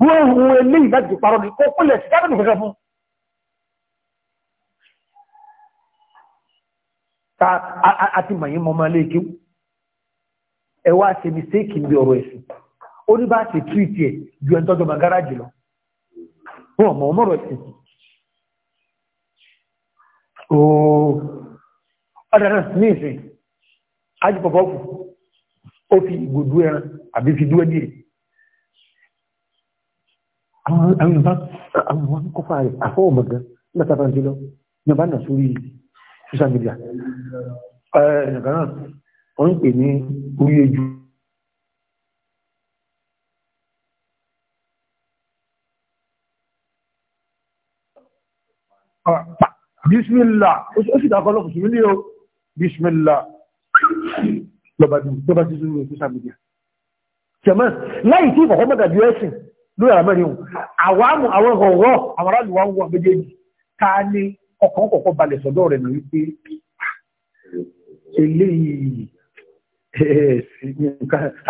هو هو اللي بدي قرار الكوكل اللي استجابه في ta àti mọ̀yìn mọ́mọ́ léèké ẹ wá ṣe mistake bí ọ̀rọ̀ ẹ̀sìn ó ní bá ṣe treat ẹ̀ ju ẹni tọ́jọ́ gáràjì lọ wọn ò mọ̀ ọmọ ọ̀rọ̀ ẹ̀sìn ooo ọ̀dà náà ní ìsìn ajipọ̀pọ̀ kù ó fi ìgbòdú ẹran àbí fi dúwẹ́ díẹ̀ àwọn yorùbá àwọn kọfà rẹ̀ àfọwọ́mọ̀gán nígbà lọ ní ọba náà sórí yìí social media ẹ̀ẹ̀kan náà wọ́n ń pè ní orí ejú bísmìlá ó sì dákọ́ lọ́pùsù nílé o bísmìlá lọ́bàá tí ó social media jẹ́mọ́ láì tí ìkọ̀kọ́ mọ́gàjú ẹ̀sìn lórí àmẹ́rin àwọn àwọn ọ̀rọ̀ àwọn aráàlú wa ń ọkàn kọ̀ọ̀kan balẹ̀ sọ́dọ̀ rẹ̀ náà wípé eléyìí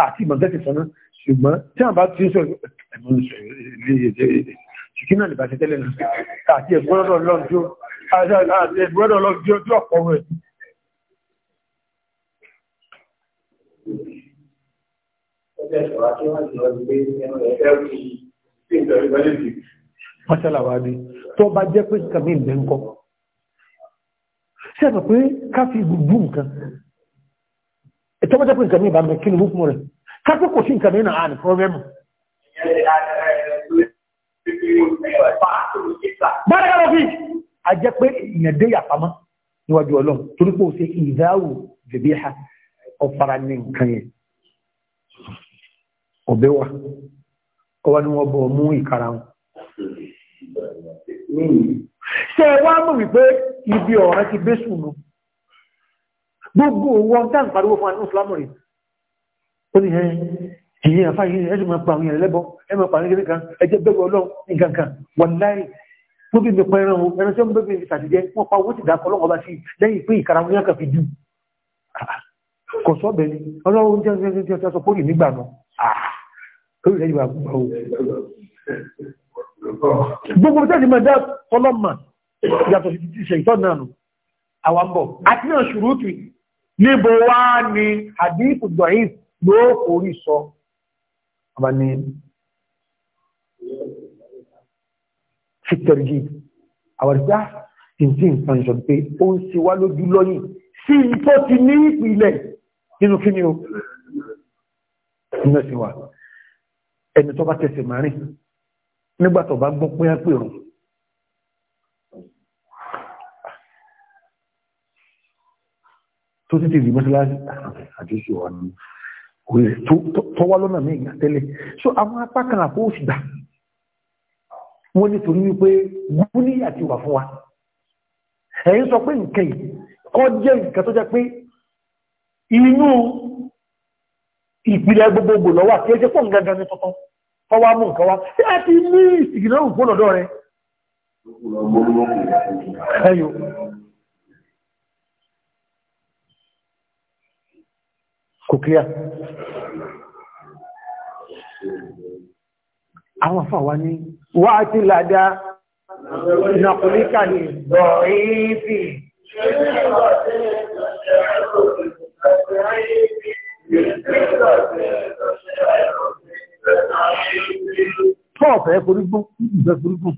àti ìmọ̀tẹ́sì sọ́nà ṣùgbọ́n tí àwọn bá ti ń sọ ṣìkí náà lè bá ṣe tẹ́lẹ̀ náà àti ẹ̀gbọ́dọ̀ lọ́jọ́ ojú ọ̀pọ̀ rẹ̀ Mọ́ṣálà wà ní tó bá jẹ́ pé kàmí ìbẹ̀ ń kọ́ sẹ́mọ̀ pé káfí gbogbo nǹkan ìtọ́mọ́jẹ́ pé nǹkan ní ìbámu kí ni mú fún rẹ̀ káfí kò sí nǹkan nínú àná fọ́nrẹ́mù. bára lọ a jẹ́ pé èèyàn dé yàpamọ́ níwájú ọlọ́run torí pé ó ṣe ìdáwò bèbí ha ọ̀fara ní nǹkan yẹn ọ̀bẹ wa ọwọ́ ni wọ́n bọ̀ mú ìkara wọn ṣe wá mọ̀ wípé ibi ọ̀rẹ́ ti bẹ́ sùn lọ gbogbo wọn tán pariwo fún àwọn ìsìlámù rẹ̀ ó ní ẹ̀ ìyẹn àfá yìí ẹ̀sùn máa pa àwọn èèyàn lẹ́bọ ẹ máa kan ẹjẹ́ bẹ́ẹ̀ ọlọ́run ní kankan wọn láì tó bí mi pẹ́ran o ẹran tí wọ́n bẹ́ẹ̀ fi ṣàtijẹ́ wọ́n pa owó ti dàkọ́ lọ́wọ́ bá sí lẹ́yìn pé ìkara wọn yàkà fi dù kò gbogbo tẹ́lì mẹ́dá ọlọ́mà yàtọ̀ ìṣẹ̀ ìtọ́ náà nù àwàmbọ̀ àti náà ṣùrútù níbo wá ní àdínkù dọ̀yìn ló orí sọ ọba ní fìtẹ̀rìgì àwàrídá ìdí nǹkan ìṣọ̀ pé ó ń ṣe wá lójú lọ́yìn sí tó ti ní ìpìlẹ̀ nínú kí ni ó ẹni tó bá tẹ̀sẹ̀ márìn nígbà tó bá gbọ́ pé á pèrò tó títí rí mọ́síláàrí àjọṣù wà ní orílẹ̀ tó wá lọ́nà mí ìgbà tẹ́lẹ̀ so àwọn apá kan àpò òṣìgbà wọ́n nítorí wípé gúlí àti wà fún wa ẹ̀yìn sọ pé nǹkan yìí kọ́ jẹ́ nǹkan tó jẹ́ pé inú ìpìlẹ̀ gbogbogbò lọ́wọ́ àti ẹjẹ́ pọ̀ ń gangan ní tuntun ọwá mú nǹkan wá tí a ti ní ìsìnkìlẹ̀ òkú lọ́dọ̀ rẹ̀ ẹ̀yọ́ kò kíyà àwọn afọ́ wa ní wá ti làdá ìnàkùnlíkà ní bọ̀rífì Thank you. Fọ́ọ̀fẹ́ forígbọ́n, ìgbẹ́ forígbọ́n.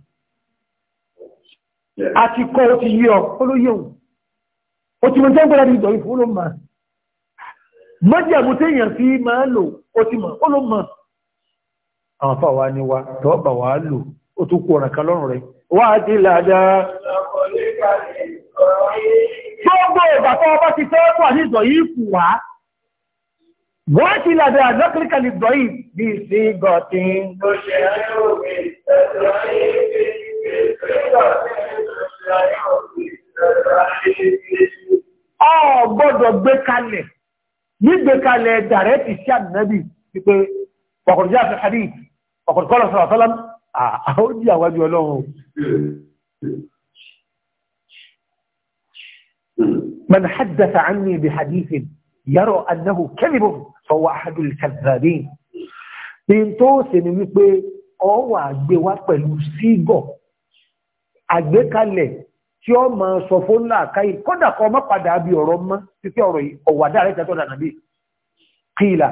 A ti kọ́ ó ti yí ọ, ó ló yé òun. Ó ti mọ̀ jẹ́ gbọ́dá ní ìdọ̀rí fún ó ló mọ̀. Mọ́jẹ̀ mú tí èèyàn fi máa lò, ó ti mọ̀, ó ló mọ̀. Àwọn afá wa ni wa, tọ́ bà wá lò, ó tún kú ọ̀nà lọ́rùn rẹ̀. Wá ti làdá. Gbogbo ìgbà tó ọba ti fẹ́ wà ní ìdọ̀rí ìkù wá. What is the other بصيغة تشيع بالتضعيف بصيغة تشيع بالتضعيف ọ gbọ́dọ̀ gbé kalẹ̀ nígbé kalẹ̀ يرى أنه kẹ́lìbò fọwọ́ ahadul kazabin ní tó ṣe ni wípé ọwọ́ àgbé wá pẹ̀lú sígọ̀ àgbékalẹ̀ tí ó ma sọ fún láàkáyì kódà kọ mọ́ padà bí ọ̀rọ̀ mọ́ títí ọ̀rọ̀ ọ̀wàdá rẹ̀ tẹ́tọ́ dànà bí kíìlà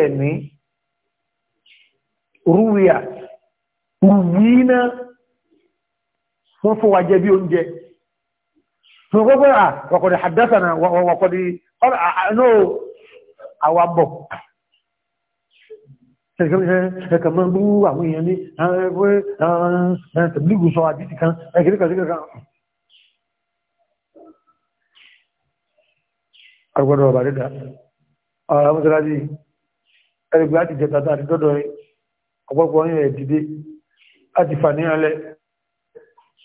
ẹ̀ ní rúwìà rúwìí wọ́n fún wa jẹ bí oúnjẹ gbogbo à wọ̀kọ̀dì àdásànà wọ̀kọ̀dì ọ̀nà àwàbọ̀ ẹ̀kà máa bú àwọn èèyàn ní ah, ẹgbẹ́ ah, tẹ̀blígù sọ àdìsì kan ẹgbẹ̀rẹ̀kẹ̀rẹ̀kẹ̀rẹ̀ agbọ́dọ̀ ọba dídá ọ̀rọ̀ amúsíláàjì ẹgbẹ́ àti jẹtata àti dọ́dọ̀ rẹ̀ ọgbọ́gbọ́ ọyàn ẹ̀dìdé àti fà ní alẹ́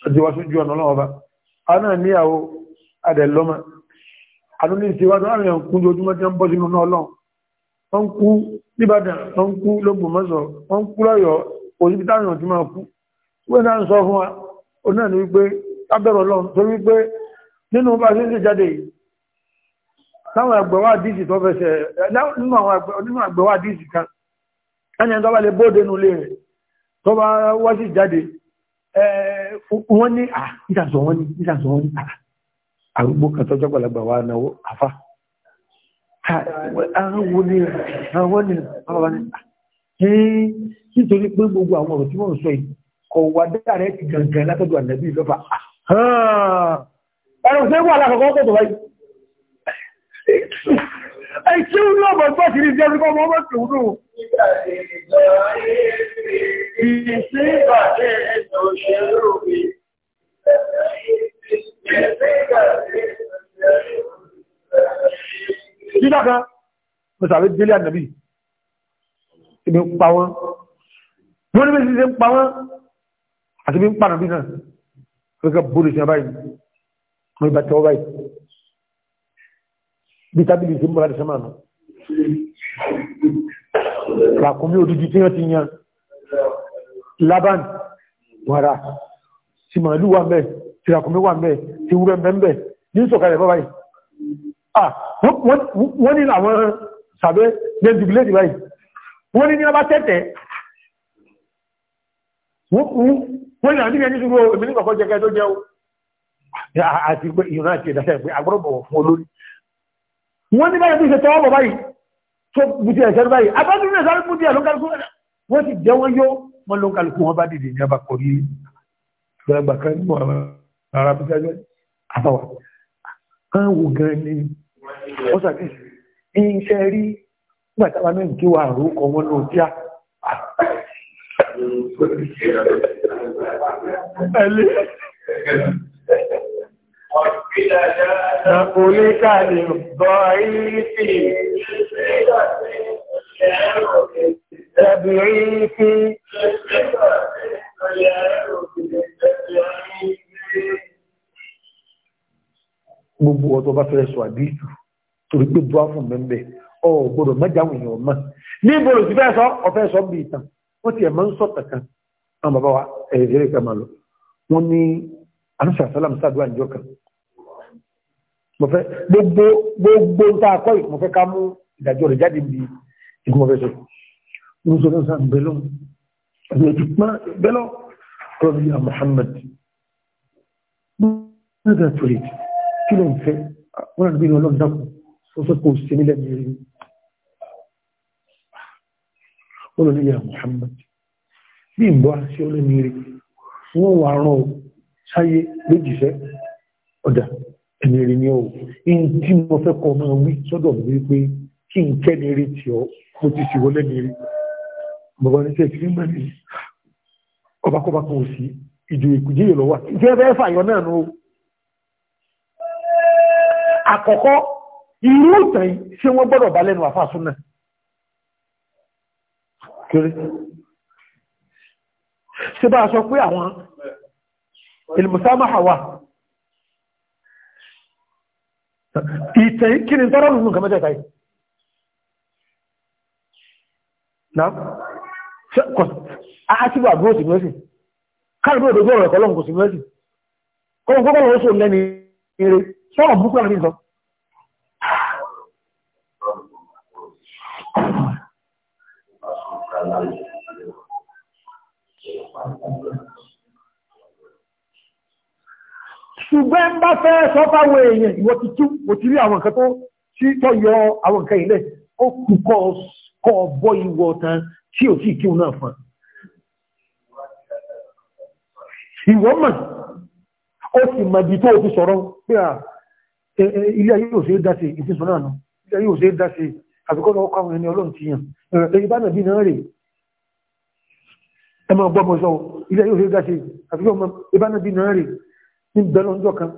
àti wáṣójú ọ̀nà ọlọ́ọ̀ba a náà níyàwó adẹ̀lọ́mọ àdúní ìsìwájú àwọn èèyàn kún lójúmọ́ tí wọ́n bọ́ sínú náà lọ́n wọ́n kú níbàdàn wọ́n kú lógbòmọ́sọ̀ wọ́n kú lọ́yọ̀ òsìbítàràn tí máa kú wọ́n náà ń sọ fún wa ó náà ní wípé lábẹ̀rọ̀ lọ́n tó wípé nínú bá ṣe ń ṣe jáde láwọn àgbẹ̀wà díìsì tó fẹsẹ̀ nínú àwọn àgbẹ̀wà díìsì kan ẹni tó bá lè bóde nù lé rẹ̀ tó bá wá sí jáde wọ́n ní à ìtàsọ̀ wọ́n ní ìtàsọ̀ wọ́n ní à arúgbó kan tọ́jọ́ gbàlagbà wa náwó àfá àwọn ní àwọn ní àwọn ní nítorí pé gbogbo àwọn ọ̀rọ̀ tí wọ́n sọ yìí kọ̀ wà dáàrẹ́ ti gangan látọ̀dọ̀ ànàbí ìlọ́fà ẹ̀rọ pé wà lákọ̀ọ́kọ́ tó tó báyìí ẹ̀ tí ó lọ́bọ̀ tó ti rí jẹ́ ọmọ ọmọ tó rú ìsìn ìbàdẹ́ ẹ̀sọ̀ òṣèlú Jíjá kan, mo sàrí délé ànàbí, ibi ń pa wọ́n. Wọ́n ní bí ṣe ń pa wọ́n, àti bí ń pa ànàbí náà, fẹ́kẹ́ bóde sí abáyìí, wọ́n ibà tẹ́wọ́ báyìí. Bí tábìlì sí múra dẹ̀sẹ̀ máa nù. Ràkúnmí òdìdí tí wọ́n ti yan. Laban, wàrà, sí màálù wà mẹ́, tìràkúnmí wà mẹ́, ti wúrẹ́ mẹ́mbẹ̀ ní sọ̀kalẹ̀ bọ́ báyìí wọ́n ní àwọn sàbẹ́ lẹ́dùbìlẹ́dì báyìí wọ́n ní ní ọba tẹ́tẹ̀ wọ́n ní àdínkẹ́ nítorí èmi ní kọ̀kọ́ jẹ́kẹ́ tó jẹ́ o àti pé ìran àti ìdásẹ́ pé agbọ́dọ̀bọ̀ fún olórí wọ́n ní báyìí tó ṣe tọ́wọ́ bọ̀ báyìí tó bùtì ẹ̀ṣẹ́ báyìí abẹ́dúró ẹ̀ṣẹ́ ló bùtì ẹ̀ ló ń kálukú wọ́n ti jẹ́ wọ́n yó wọ́n ló ń kálukú wọn bá dìde ní abakọ̀rí ìgbàgbà kan nínú àwọn arábíjájọ́ yìí àtàwà kan wo gan ni wọ́n sàbí iṣẹ́ rí nígbà táwa náà kí wà àrùkọ wọn náà kíá ẹ̀lẹ́ Nàpolíkà lè gbọ́ ìrìsì ẹ̀bìrì fi gbogbo ọ̀tọ̀ bá fẹ́rẹ̀ sọ àdíjù torí pé dúwà fún bẹ́ẹ̀ ọ gbọ́dọ̀ mẹ́jáwò èèyàn mọ́ ní ìbòrò sí fẹ́ sọ ọ̀fẹ́ sọ bí ìtàn wọ́n ti ẹ̀mọ́ ń sọ tàkan àwọn bàbá wa ẹ̀rẹ́ ìka máa lọ wọ́n ní anúṣà sálàm sàdúrà ìjọ kan mo fẹ́ gbogbo gbogbo ń tá a kọ́ mo fẹ́ ká mú ìdájọ́ rẹ̀ jáde bí ìgbìmọ̀ fẹ́ sọ mo sọ fẹ́ sàn bẹ́lọ́ bẹ́lọ́ kọ́ kí ló ń fẹ́ wọ́n náà bínú ọlọ́run dákun ó sọ pé ó sì nílẹ̀ mi rí ó lọ nílẹ̀ Muhammad bí n bọ́ sí ọlọ́run rí wọ́n wà rán ọ sáyé lójìṣẹ́ ọ̀dà ẹni rí ni ọ in tí mo fẹ́ kọ́ máa wí sọ́dọ̀ mi wípé kí n kẹ́ni rí tí ọ mo ti sì fàyọ náà nù ó àkọ́kọ́ irú ìtàn yìí ṣé wọ́n gbọ́dọ̀ bá lẹ́nu àfáà súnà kéré ṣe bá sọ pé àwọn ilmùsámáhà wà ìtàn yìí kí ni tọ́rọ nínú nǹkan mẹ́tẹ̀ẹ̀ta yìí náà àṣìbò àbúrò sí mẹ́sì káàkiri òdòdó ọ̀rọ̀ lọ́nkù sí mẹ́sì sọ́rọ̀ búkú nke nìkan. ṣùgbọ́n ń bá fẹ́ sọ fáwọn èèyàn ìwọ ti tú o ti rí àwọn nǹkan tó tí tọ́ yọ àwọn nǹkan ilẹ̀ ó kù kọ́ tí ò tí náà mọ̀ ó sì mọ̀ bí sọ̀rọ̀ ilé ayé ò ṣe é dáṣe ìtísùn náà nù ilé ayé ò ṣe é dáṣe àfikọ́ lọ́wọ́ káwọn ẹni ọlọ́run ti yàn ẹ̀rẹ̀ ìbá náà bí náà rè ẹ máa gbọ́ mọ́ ilé ayé ò ṣe é dáṣe àfikọ́ ìbá náà bí náà rè ní bẹ́lọ́ ọjọ́ kan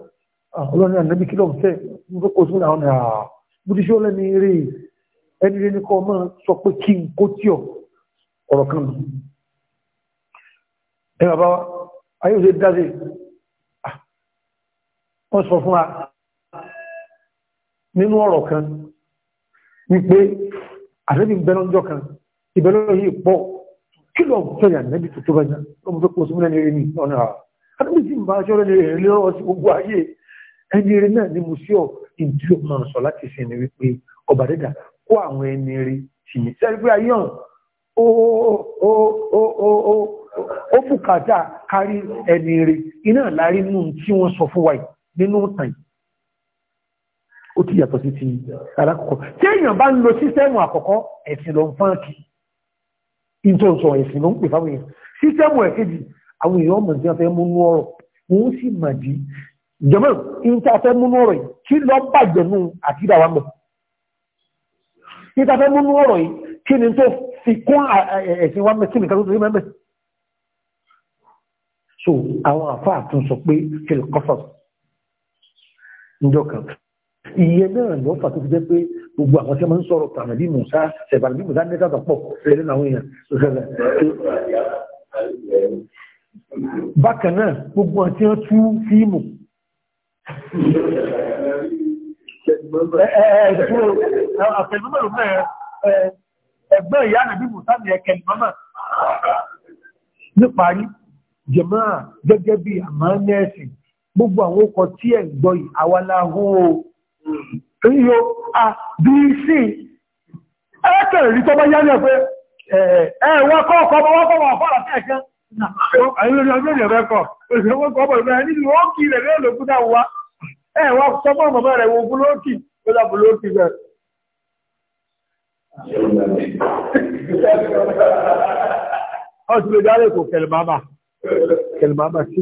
ọlọ́run náà níbi kílọ̀ fẹ́ kó sún àwọn náà bó ti ṣe ọlẹ́ni rè ẹni rè ní kọ́ máa sọ pé kí n kó tíọ̀ ọ̀rọ̀ kan nù ẹ bàbá ayé ò wọ́n sọ fún wa nínú ọ̀rọ̀ kan wípé àrẹ́bí bẹ́lọ́njọ́ kan ìbẹ́lọ́njọ́ yìí pọ̀ kí lọ fẹ́yà nẹ́bí tó tó bẹ́yà lọ́mọ fẹ́ pọ̀ súnmọ́ ẹni ní ọ̀nà àrà àrẹ́bí sì ń bá aṣọ ẹni rẹ̀ lọ́rọ̀ sí gbogbo ayé ẹni ni wípé ọba dẹ́dà kó àwọn ẹni rẹ̀ tì í sẹ́ni pé ayé hàn ó ó bùkátà kárí ẹni rẹ̀ iná láàrin nù tí wọ́n sọ fún wa yìí nínú tàn yìí ó ti yàtọ̀ sí ti alákọ̀ọ́kọ́ tí èèyàn bá ń lo sísẹ́mù àkọ́kọ́ ẹ̀sìn ló ń fán kí n tó ń sọ ẹ̀sìn ló ń pè fáwọn èèyàn sísẹ́mù ẹ̀kejì àwọn èèyàn ọmọ tí wọ́n fẹ́ múnú ọ̀rọ̀ wọ́n sì mà dí jọmọ́ n ta fẹ́ múnú ọ̀rọ̀ yìí kí lọ bàjẹ́ nù àti ìdàwà mọ̀ n ta fẹ́ múnú ọ̀rọ̀ yìí kí ni tó fi kún ẹ̀sìn wa mẹ́ kí nìkan tó tó mẹ́mẹ́ so àwọn àfáà tún pé kí lè kọ́sọ̀ níjọ́ kan ìyẹn náà ló fà tó fi jẹ́ pé gbogbo àwọn tí wọ́n ń sọ̀rọ̀ tàbí Musa tàbí Musa ní ẹ̀ka pọ̀ fẹ́rẹ́ náà yẹn bákan náà gbogbo àwọn tí wọ́n tú fíìmù ẹgbẹ́ ìyá nàbí Musa ní ẹkẹ mọ́mà níparí jẹ̀máà gẹ́gẹ́ bí àmà nẹ́ẹ̀sì gbogbo àwọn ọkọ̀ tí ẹ̀ gbọ́ yìí hó o yíò a bí sí ẹ́kẹ̀rẹ̀ rí tó bá yá ní ọ̀pẹ́ ẹ̀wọ́ kọ́ọ̀kọ́ bọ́ wọ́n kọ́wọ́ àfọ́lá kẹ́ẹ̀kan Àwọn olórin ọdún ìrẹ̀ kọ̀, òṣèrè wọ́n kọ́ bọ̀rọ̀ mẹ́rin nílùú ó kí rẹ̀ lẹ́rẹ̀ lókúdá wá. Ẹ̀wọ́ sọmọ́ mọ̀mọ́ rẹ̀ wo búlóòkì, ó dá búlóòkì bẹ̀rẹ̀. Ọ̀sùn lè dárẹ̀ kò kẹlẹ̀ bàbà, kẹlẹ̀ bàbà sí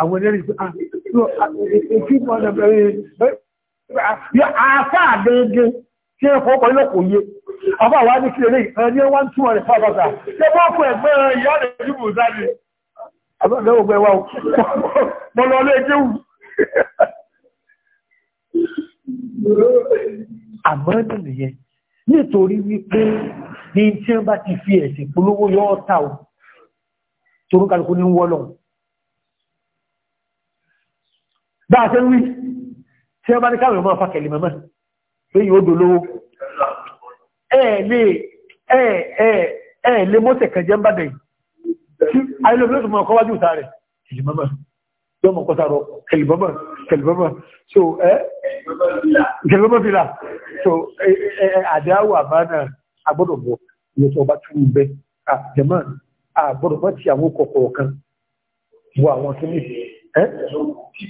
àwọn ẹlẹ́rìí ah, àfá àgbẹ̀gbẹ̀ tí ó fọ́pọ̀ ilẹ̀ kò yé ọba wà ní kí lè ní wọ́n tún ọ̀rẹ̀ fọ́bọ̀ta tí ó fọ́ ẹgbẹ́ ìyá rẹ̀ jùbù záyé àbẹ́gbẹ̀wò gbẹ̀wà mọ́lọ́lẹ́ jẹ́wù àmọ́nà nìyẹn nítorí wípé ní tí wọ́n bá ti fi ẹ̀sìn polówó yọ́ ọ̀tà ò torúkàlùkù ní wọ́lọ́run bá a ṣe ń wí tí wọ́n bá ní káwọn ọmọ afákẹ̀lì mọ́mọ́ pé yóò dolówó ẹ̀ẹ̀lẹ́ mọ́tẹ̀ kẹjẹ ń bàdẹ̀ yìí ayélujára mọ́ ọkọ̀ wájú ìta rẹ̀ kẹlì mọ́mọ́ yóò mọ̀ kọ́sàrọ̀ kẹlì mọ́mọ́ kẹlì mọ́mọ́ so ẹ́ kẹlì mọ́mọ́ fìlà so àdáwò àmàna agbọ́dọ̀ bọ̀ iye tó bá tún bẹ́ àjẹmọ́ àgbọ́dọ̀ mọ́ ti àwọn kọ̀ọ̀kan wọ àwọn tó ní ẹ́ kí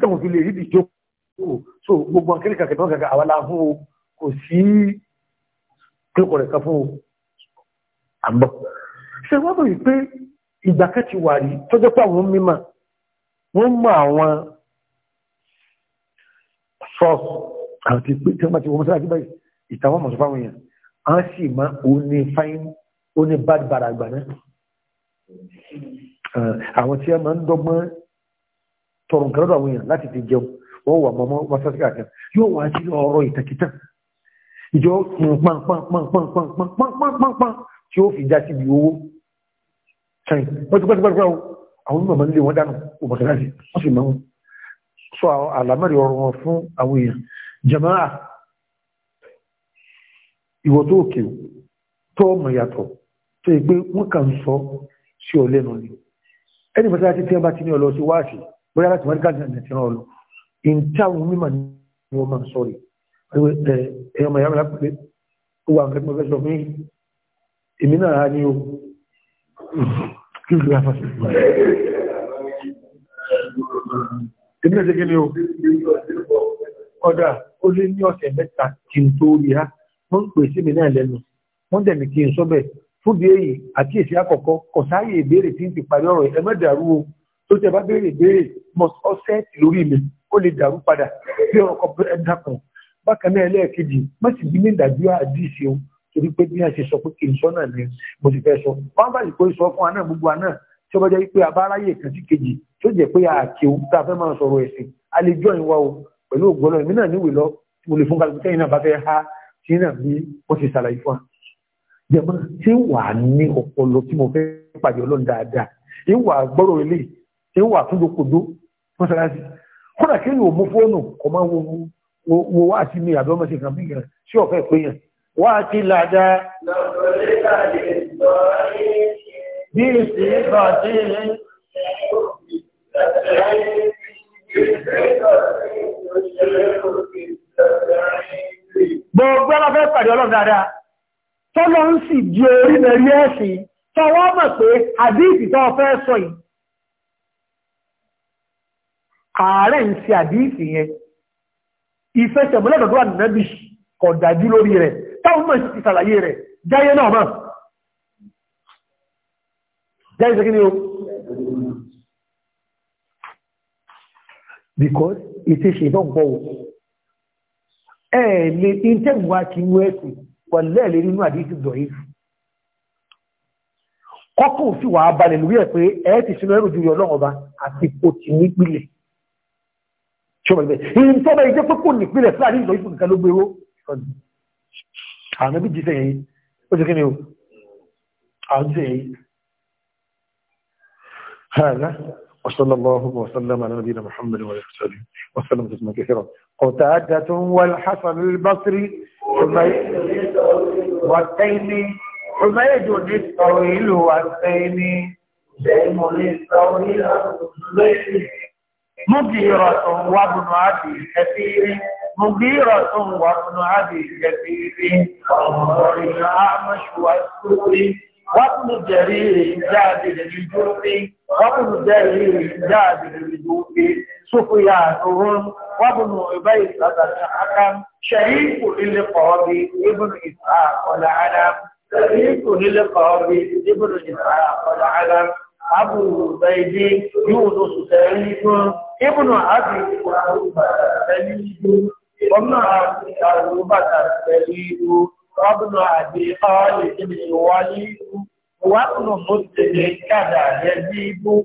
tọ̀hún fi lè rí ìjókòó so gbogbo akẹ́lẹ̀ kàkẹ́ tó kàkẹ́ àwọn aláhùn o kò sí kíkọ̀ rẹ̀ kan fún o àbọ̀ ṣe wọ́n bọ̀ wípé ìgbà kẹ́tì wà rí tọ́jọ́ pé àwọn mímọ̀ wọ́n mọ àwọn àwọn tí a máa ń dọ́gbọ́n tọrọ nǹkan lọ́dọ̀ àwọn èèyàn láti fi jẹun wọ́n wà mọ́mọ́ wáṣásí àkàn yóò wá sí ọ̀rọ̀ ìtàkìtàn ìjọ pọnpọnpọnpọnpọnpọnpọnpọnpọnpọn tí ó fi já síbi owó sẹ́yìn wọ́n ti pẹ́ tipẹ́ tipẹ́ o àwọn onímọ̀ máa ń lé wọn dànù òbọ̀tẹ́láṣì wọ́n sì máa ń sọ àlámẹ́rì ọ̀rọ̀ wọn fún àwọn èèyàn jàmáà ìwọ̀ tó òkè tó ẹni mọ̀tí láti tí wọ́n bá ti ní ọlọ́ sí wáàsì bóyá láti mọ̀rí káàkiri àti ìran ọlọ́ ìntí àwọn mímọ̀ ni wọ́n máa ń sọ̀rọ̀ ẹ ọmọ ìyá mi lápẹ̀lẹ́ ó wà nǹkan tí mo fẹ́ sọ fún èmi náà á o kí ló yà fásitì fún mi. èmi náà ṣe kí ni o ọ̀dà ó lé ní ọ̀sẹ̀ mẹ́ta kí n tó rí a wọ́n ń pè sí mi náà lẹ́nu wọ́n dẹ̀ mi kí n sọ bẹ́ẹ̀ fúdi èyí àkíyèsí àkọ́kọ́ kò sáàyè ìbéèrè tí ń ti parí ọ̀rọ̀ ẹ má dàrú o tó tẹ bá béèrè ìbéèrè must offset lórí mi ó lè dàrú padà bí ọkọ̀ ẹ dàpọ̀ bákan náà ẹlẹ́ẹ̀kejì má sì bí mi dàbí àdìsí o torí pé bí a ṣe sọ pé kì í sọ náà ni mo sì fẹ́ sọ wọn bá lè kó sọ fún wa náà gbogbo wa náà tí ó bá jẹ́ pé abáráyè kan sí kejì tó jẹ́ pé àkè o tá a fẹ́ máa sọ̀rọ̀ ẹ̀sìn a lè jọ ìwà o pẹ̀lú ògbọ́n náà èmi náà níwèé lọ mo lè fún kálukú tẹ́yìn náà bá fẹ́ ha tí náà bí wọ́n ti ṣàlàyé fún wa jẹmọ tí ń wà ní ọpọlọ tí mo fẹ́ pàdé ọlọ́run dáadáa tí ń wà gbọ́rọ̀ ilé tí ń wà tún dokodo mọ́sálásí kódà kí ni òmú fóònù kò máa wo wo wá sí mi àbí ọmọ sí kan bíyàn sí ọ̀fẹ́ péyàn wá sí làdá. bí ìsì bá sí ilé. gbogbo ẹ bá fẹ́ pàdé ọlọ́run dáadáa tọ́lọ ń sì di orí mẹ́rí ẹ̀sìn tọwọ́ mọ̀ pé àdíìsì tó fẹ́ sọ yìí ààrẹ ń ṣe àdíìsì yẹn ìfẹ́ tẹ̀mọ́lẹ́dọ̀dọ́ ànábì kò dájú lórí rẹ̀ táwọn mọ̀ sí ìsàlàyé rẹ̀ jáyé náà mọ̀ jáyé sẹ́kí ni o because it is a ń bọ̀ ẹ̀ lè intẹ́gbà kí wọ́n ẹ̀sìn pẹ̀lú ẹ̀lẹ́ nínú àdíjì dọ̀yí kọ́kùn sí wà balẹ̀ lórí ẹ̀ pé ẹ ti sinú ẹrù ju ọlọ́run ọba àti kò tí nípìlẹ̀ ṣọ́bẹ̀lẹ̀ ìyìn tó bẹ́ẹ̀ jẹ́ pé kò nípìlẹ̀ fún àdíjì dọ̀yí nǹkan ló gbéró àwọn الله وسلم على محمد وعلى اله وصحبه كثيرا قتادة والحسن البصري والتيمي حميد الطويل والتيمي شيم الطويل مغيرة وابن أبي كثير مغيرة وابن أبي كثير وانظر الأعمش والسوري وابن جرير جاد للجوف وابن جرير جاد للجوف سفيانهم وابن عبيد الحكم شريك للقاضي ابن إسحاق والعلم شريك للقاضي ابن إسحاق والعلم أبو عبيد يونس سعيد ابن أبي أروبة سعيد ومن أبي أروبة سعيد وابن أبي خالد بن الوليد وابن مسلم كذا يزيد